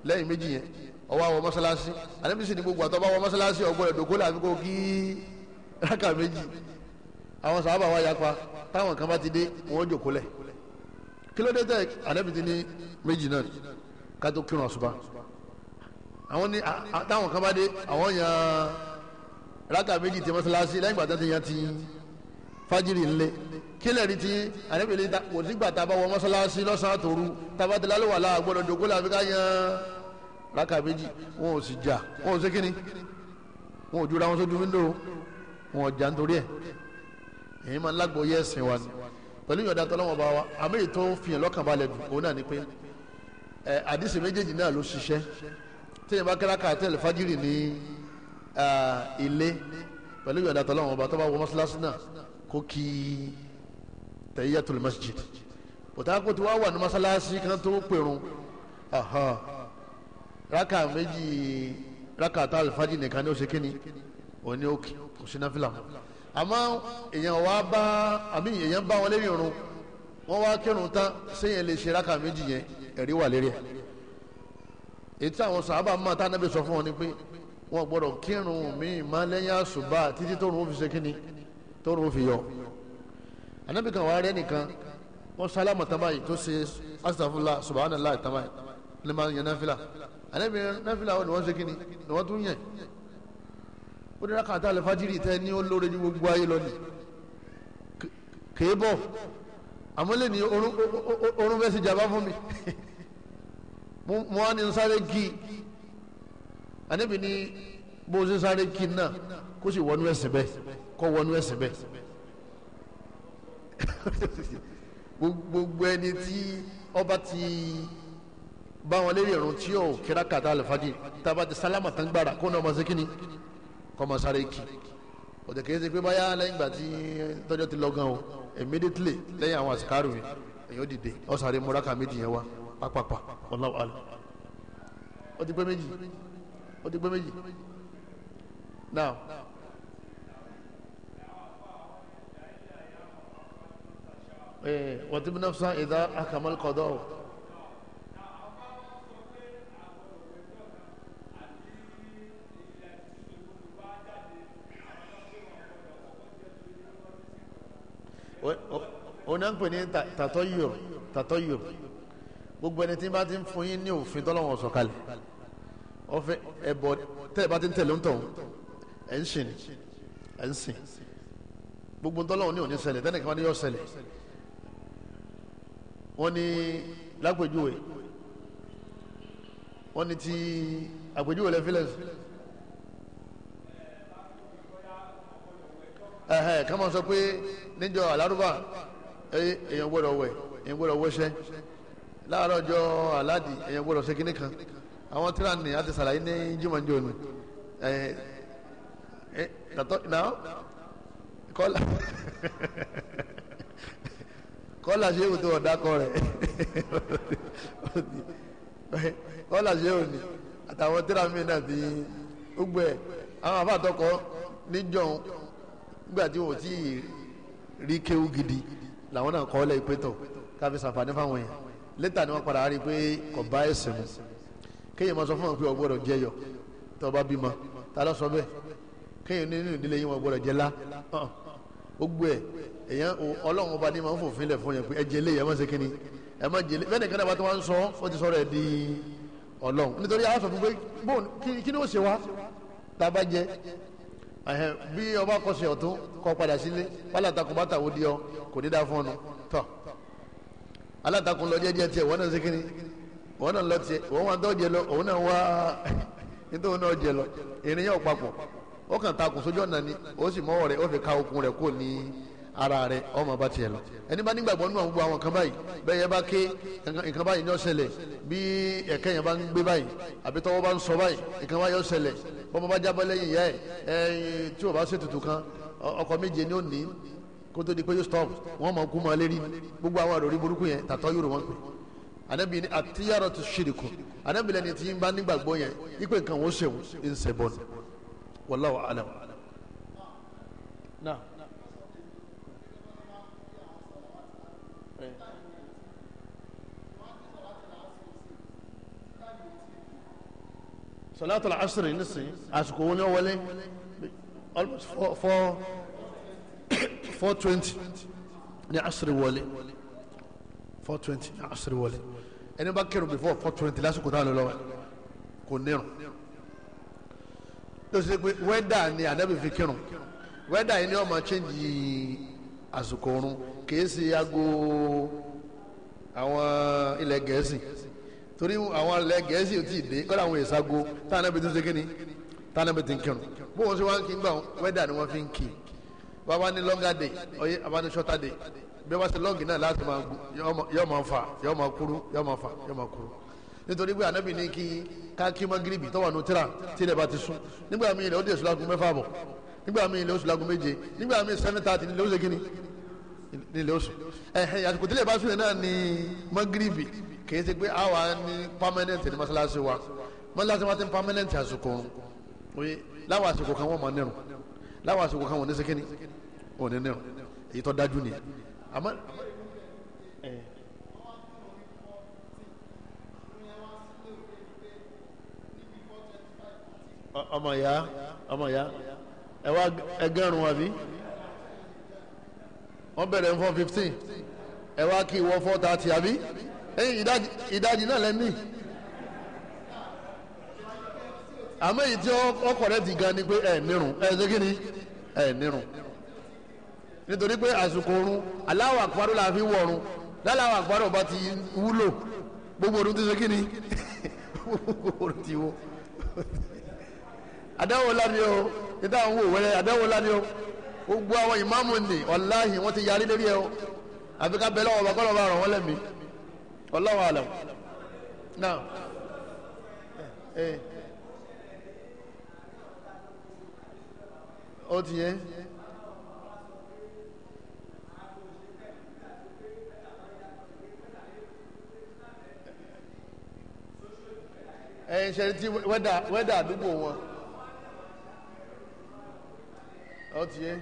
A: lẹ́yìn méjì yẹn ọwọ́ àwọ̀ mọ́ṣáláṣí anábìtì ní gbogbo àtọ́ bá wọ mọ́ṣáláṣí ọgbọ́n ẹ̀dọ́gbọ́lá àfikún kí rákà méjì àwọn sàábà wá yapa táwọn kan bá ti dé wọ́n jókòó lẹ̀ kí ló dé tẹ́ ànábì ti ní méjì náà ká tó kírun àṣùbà àwọn ní táwọn kan bá dé àwọn yan rákà méjì ti mọ́sálásí lẹ́yìn ìgbà tó ti yan ti fájìrì ńlẹ̀ kílẹ̀ ní ti ànábì ní kò sígbà tá a bá wọ mọ́sálásí lọ́sàn-án tòru tá a wà láà gbọ́dọ̀ jókòó làbí ká yan rákà méjì wọn ò sì jà wọn ò sí kíni wọn ò jura wọn sójú wíńdò wọn ò jà nítorí ẹ̀ èyí máa ń lágbóyè ẹ̀sìn wa ni pẹ̀lú ìyọ̀dá tó lọ́wọ́ bá wa àmì ètò fìyàn lọ́kànbalẹ̀ dùn òun náà ni pé ẹ àdìsí méjèèjì náà ló ṣiṣẹ́ téèyàn bá kẹ́ra káà tẹ̀lé fájìrì ní ilé pẹ̀lú ìyọ̀dá tó lọ́wọ́ bá tó bá wọ mọ́ṣáláṣí náà kó kí tahiyatul masjid bùtá kó ti wá wà ní mọ́ṣáláṣí kan tó pèrún rákà méjì rákà tá àlùfájì nìkan ni ó ṣe kíni òun ni ó kì kò sí náfìlà mọ́ àmọ́ èèyàn wá bá àbí èèyàn bá wọn lérí irun wọ́n wá kírun tán séèyàn lè ṣe rákà méjì yẹn ẹ̀rí wà lérí ẹ̀ èyí tí àwọn sàábà máa tá anábì sọ fún wọn ni pé wọn gbọ́dọ̀ kírun míì má lẹ́yìn àṣùbà títí tó rùn ó fi ṣe kíni tó rùn fi yọ anábì kan wà rẹ nìkan wọn sálámà tán báyìí tó ṣe asàfúnla subahánàlá tán báyìí ní ma yẹn náfìlà anábì náfìlà wọn ni wọn ṣe kíni ni wọn tún yẹn ó ní rákàtà àlùfájìrì tẹ ní ó lóore ju gbogbo ayé lọ ni kèé bọ̀ àmọ́ lè ní orun bẹ́ẹ̀ sì jàmbá fún mi mo wá ní sáré kí ànábì ní bó ṣe sáré kí náà kó sì wọnú ẹsẹ̀ bẹ́ẹ̀ kó wọnú ẹsẹ̀ bẹ́ẹ̀ gbogbo ẹni tí ọba ti bá wọn lérí ẹ̀rùn tí yóò kíra kàtà àlùfájì tábà ti sálámà tán gbára kó náà ọmọ sí kínní kọ́mọ sáré kì ọ̀dẹ̀ kìí ṣe pé báyà lẹ́yìn ìgbà tí tọ́jọ́ ti lọ gan o immediately lẹ́yìn àwọn àsìkárù yẹn èyàn dìde ọ sáré múraka méjì yẹn wá pápápá wallahu alam ó ti pé méjì ó ti pé méjì now. Eh, wọ́n ti bí náà sàn akamal qada. òun náà ń pè ní tàtọ́yòrò tàtọ́yòrò gbogbo ẹni tí bá ti ń fún yín ní òfin tọ́lọ́wọ̀n sọ̀kalẹ̀ ọfẹ ẹbọ tẹ́ ẹ bá ti ń tẹ̀lé ń tọ̀ ẹ̀ ń sìn ẹ̀ ń sìn gbogbo tọ́lọ́wọ̀n ní òní ṣẹlẹ̀ tẹ́nìkan wọn ni yọ ṣẹlẹ̀ wọ́n ti àpèjúwe lẹ́fílẹ̀ sùn. ẹ̀hẹ̀ ká máa sọ pé níjọ àlárúbà èèyàn gbọ́dọ̀ wẹ̀ èèyàn gbọ́dọ̀ wọṣẹ́ láàárọ̀ ọjọ́ aládì èèyàn gbọ́dọ̀ ṣe kínní kan àwọn tíra nì àti sàlàyé ní jimajọ ni ẹ kàtọ́ náà kọ́lá kọ́lá ṣe èwùtò ọ̀dàkọ rẹ̀ kọ́lá ṣe òní àtàwọn tíra mi náà ti gbogbo ẹ̀ àwọn àbátọkọ níjọ́ nígbà tí wọn ò tí ì rí kéwú gidi làwọn náà kọ́ ọ́ lẹ́yìn pétọ̀ káfí sàǹfààní fáwọn yẹn lẹ́tà ni wọ́n padà rí i pé kò bá ẹ̀sìn mu kéèyàn máa sọ fún wọn pé ọgbọ́dọ̀ jẹyọ tó o bá bímọ ta ló sọ bẹ́ẹ̀ kéèyàn nínú ìdílé yín wọn gbọ́dọ̀ jẹ lá ó gbé ẹ̀ èyàn ọlọ́run ọba ní máa ń fòfin lẹ̀ fún yẹn pé ẹ lé yẹn má ṣe kínní bí ọba kọsẹ̀ ọ̀tún kọ padà sílé pálátakùn bàtà di ọ kò dídá ọ tọ alátakùn lọ jẹ́jẹ́ tiẹ̀ wọ́n náà ṣe kínní wọ́n náà lọ wọ́n wá lọ òun náà wá nítorí náà jẹ lọ ìrìnyẹ́ ọ̀pápọ̀ ó kàn takùn sójú ọ̀nà ni ó ka okùn rẹ̀ kò ní ara rẹ ọmọ bá tiẹ̀ lọ ẹni bá nígbàgbọ́ nínú àwọn gbogbo àwọn kan báyìí bẹ́ẹ̀ yẹn bá ké nǹkan báyìí yọ ṣẹlẹ̀ bí ẹ̀kẹ́ yẹn bá ń gbé báyìí àbí tọwọ́ bá ń sọ báyìí nǹkan báyìí yọ ṣẹlẹ̀ bọ́mọ bá jábọ́ lẹ́yìn ìyá ẹ̀ tí o bá ṣe tutù kan ọkọ̀ méje ni ó ní kó tó di pé yóò stop wọ́n mọ̀ kú mọ́ lérí gbogbo àwọn àròrí burúkú yẹn tàtọ́ yóò wọ́n pè anabi ni atiyarọ ti anabi lẹni sọláàtù asiri نصي àsìkò wo ni ó almost four four four twenty ni asiri wọlé four twenty ni asiri wọlé ẹni bá kírun before four twenty lásìkò tá a lọ lọ́wọ́ kò nírun tó ṣe pé wẹ́dà ni ànábì fi kírun wẹ́dà yìí ni ó máa torí àwọn alẹ́ gẹ̀ẹ́sì ò tí ì dé kọ́dà àwọn ìsago táwọn ẹbí tó ṣe kíni táwọn ẹbí ti ń kírun bó wọn ṣe wá ń kí ń gbà wẹ́dà ni wọ́n fi ń kí bàbá ní longer day ọyẹ bàbá ní shorter day bí wọ́n ṣe lọ́ọ̀gì náà láti máa yọ máa fà yọ máa kúrú yọ máa fà yọ máa kúrú nítorí pé ànábì ní kí káàkiri magiribi tọ́wọ́ àánú tíra tílẹ̀ bá ti sún nígbà míì ilẹ̀ ó dé sùlágùn mẹ́fà bọ̀ nígbà míì ilẹ̀ ó sùlágùn méje nígbà míì seven thirty nílẹ̀ ó ṣe kíni nílẹ̀ ó sùn ẹ̀hìn àsìkò tílẹ̀ bá sùn yẹn náà ní magiribi kìí ṣe pé àwa ní permanent ní mọ́ṣáláṣí wa mọ́ṣáláṣí wa ti permanent àsìkò òun oye láwọn àsìkò kan wọ́n mọ̀ nírun láwọn àsìkò kan wọ́n ní sẹ́kẹ́ni wọ́n ní nírun èyí tó dájú nìyẹn àmọ́ ọmọ ya ọmọ ya ẹ wá ẹgẹrun àbí wọn bẹ̀rẹ̀ ń fọ fifteen ẹ wá kí ìwọ four thirty àbí ẹ̀yin ìdajì ìdajì náà lẹ́ni àmọ́ èyí tí ọkọ̀ rẹ̀ ti gan ni pé ẹ̀ nírun ẹ̀ ṣe kí ni ẹ̀ nírun nítorí pé àsìkò oorun Allahu Akbar la fi wọ̀run láláwọ̀ àgbàdo ọba ti wúlò gbogbo ọdún tó ṣe kí ni gbogbo ọdún ti wó adáwọ̀ lani o níta àwọn wò wẹ́rẹ́ adáwọ̀ lani o gbogbo àwọn ìmáàmù ni wàláhì wọ́n ti yarí lórí ẹ o àfi ká bẹ́ẹ̀ lọ́wọ́ bàkọ́ lọ́wọ́ àrùn wọn lẹ́mìí wallahu alam náà ó ti yẹ. ẹ̀yìn ṣe ti wẹ́dà wẹ́dà àdúgbò wọn ọ ti yé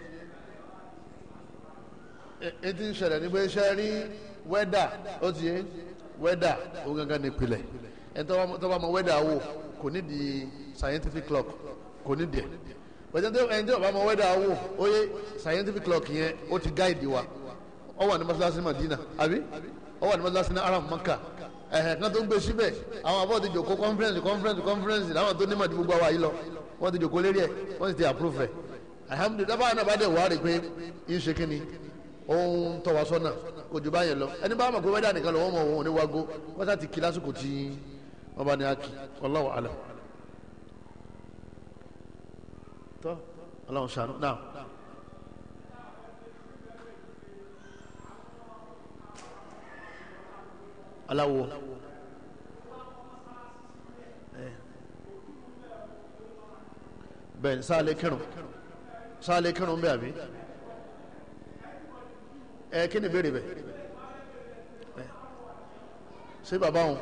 A: etí ń ṣẹlẹ̀ ní rí wẹ́dà ó ti yé. Eh, eh, Weda, ó gángan ní ìpìlẹ̀ ẹni tó bá mọ wẹ́dà wò kò ní di scientific clock kò ní di ẹ̀ pẹ̀lú ẹni tó bá mọ wẹ́dà wò ó yẹ scientific clock yẹn o ti guide wa ó wà ní mọ́sálásí Madina abi? ó wà ní mọ́sálásí ní aram Maka ẹ̀hẹ̀ kan tó ń gbé síbẹ̀ àwọn abọ́ ti jòkó conference conference conference láwọn tó ma màdí gbogbo àwa yìí lọ wọ́n ti jòkó lérí ẹ̀ wọ́n ti ti approve ẹ̀ alhamdulilayi dábàá náà bá dẹ̀ wá rí pé ni òun tọ́ wa báyẹn lọ ẹni bá mọ̀ pé wẹ́dà nìkan lọ́wọ́ mọ̀ òun ní wago wọ́n ti kí lásìkò tí wọ́n bá ní akí wallahu alam. tọ́ ọlọ́run ṣàánú náà. aláwo bẹ́ẹ̀ sáà lè kírun sáà lè kírun bẹ́ẹ̀ àbí ẹ eh, kí ni béèrè bẹ ṣé bàbá wọn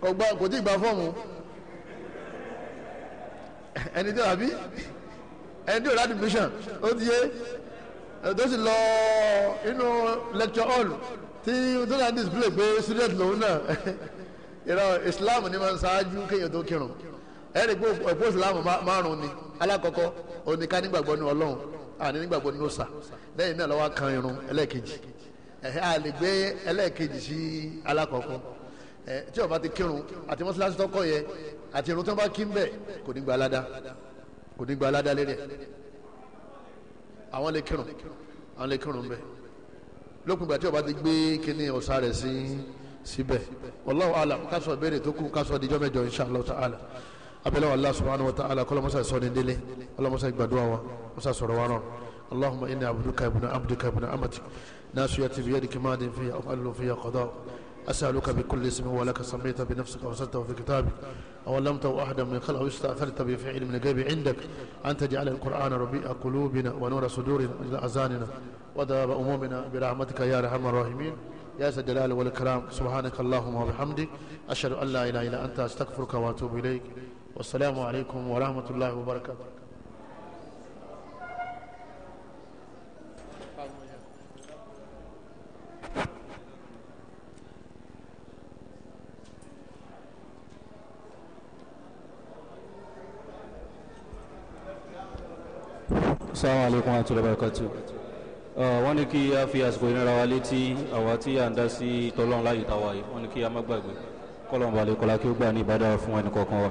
A: kò gba kò tí ì gba fọ́ọ̀mù ẹni tó àbí ẹni tó rádìí mission ó ti yé eh, tó sì lọ inú lecture hall tí tó náà display pé student lòun náà ìrọ Islam ni máa ń ṣáájú kéèyàn tó kírun ẹ̀rí pé ọ̀pọ̀ Islam márùn-ún ni alákọ̀ọ́kọ́ oníkanígbàgbọ́ ní Ọlọ́run àní nígbàgbọ́ ní òòṣà lẹ́yìn náà lọ́wọ́ kan irun ẹlẹ́ẹ̀kejì ẹ̀hẹ́ a lè gbé ẹlẹ́ẹ̀kejì sí alákọ̀ọ́kọ́ ẹ̀ tí ó bá ti kírun àti mọ́sálásí tọ́kọ̀ yẹ àti irun tó bá kí ń bẹ̀ kò ní gba aládá kò ní gba aládá lérí ẹ̀ àwọn lè kírun àwọn lè kírun bẹ̀ lópin ìgbà tí ó bá ti gbé kíní ọ̀sá rẹ̀ sí síbẹ̀ wallahu alam kásọ̀ béèrè tó kù kásọ̀ díjọ́ mẹ́jọ inshallah ta'ala abẹ́lẹ́wọ̀ Allah subhanahu wa ta'ala kọ́lọ́mọ́sá sọ́ni délé kọ́lọ́mọ́sá gbàdúrà wa mọ́sá sọ̀rọ̀ wa náà. اللهم إني عبدك ابن عبدك ابن أمتك في بيدك ماد فيها أل فيها قضاء أسألك بكل اسم هو لك سميت بنفسك وأرسلته في كتابك أو علمته أحدا من خلقه استأثرت بفعل في علم الغيب عندك أن تجعل القرآن ربيع قلوبنا ونور صدورنا إلى أذاننا وذهب أمومنا برحمتك يا أرحم الراحمين يا ذا الجلال والكرام سبحانك اللهم وبحمدك أشهد أن لا إله إلا أنت أستغفرك وأتوب إليك والسلام عليكم ورحمة الله وبركاته sáwọn alaikum àti ọlọ́bàkàtù uh, wọ́n ní kí a fi àsìkò ìnira wa létí àwa tí à ń dá sí tọ́lọ́run láyé táwa yìí wọ́n ní kí a má gbàgbé kọ́lọ́run balẹ̀ kọ́lá kí ó gbà ní ìbádà fún ẹnì kọ̀ọ̀kan wa.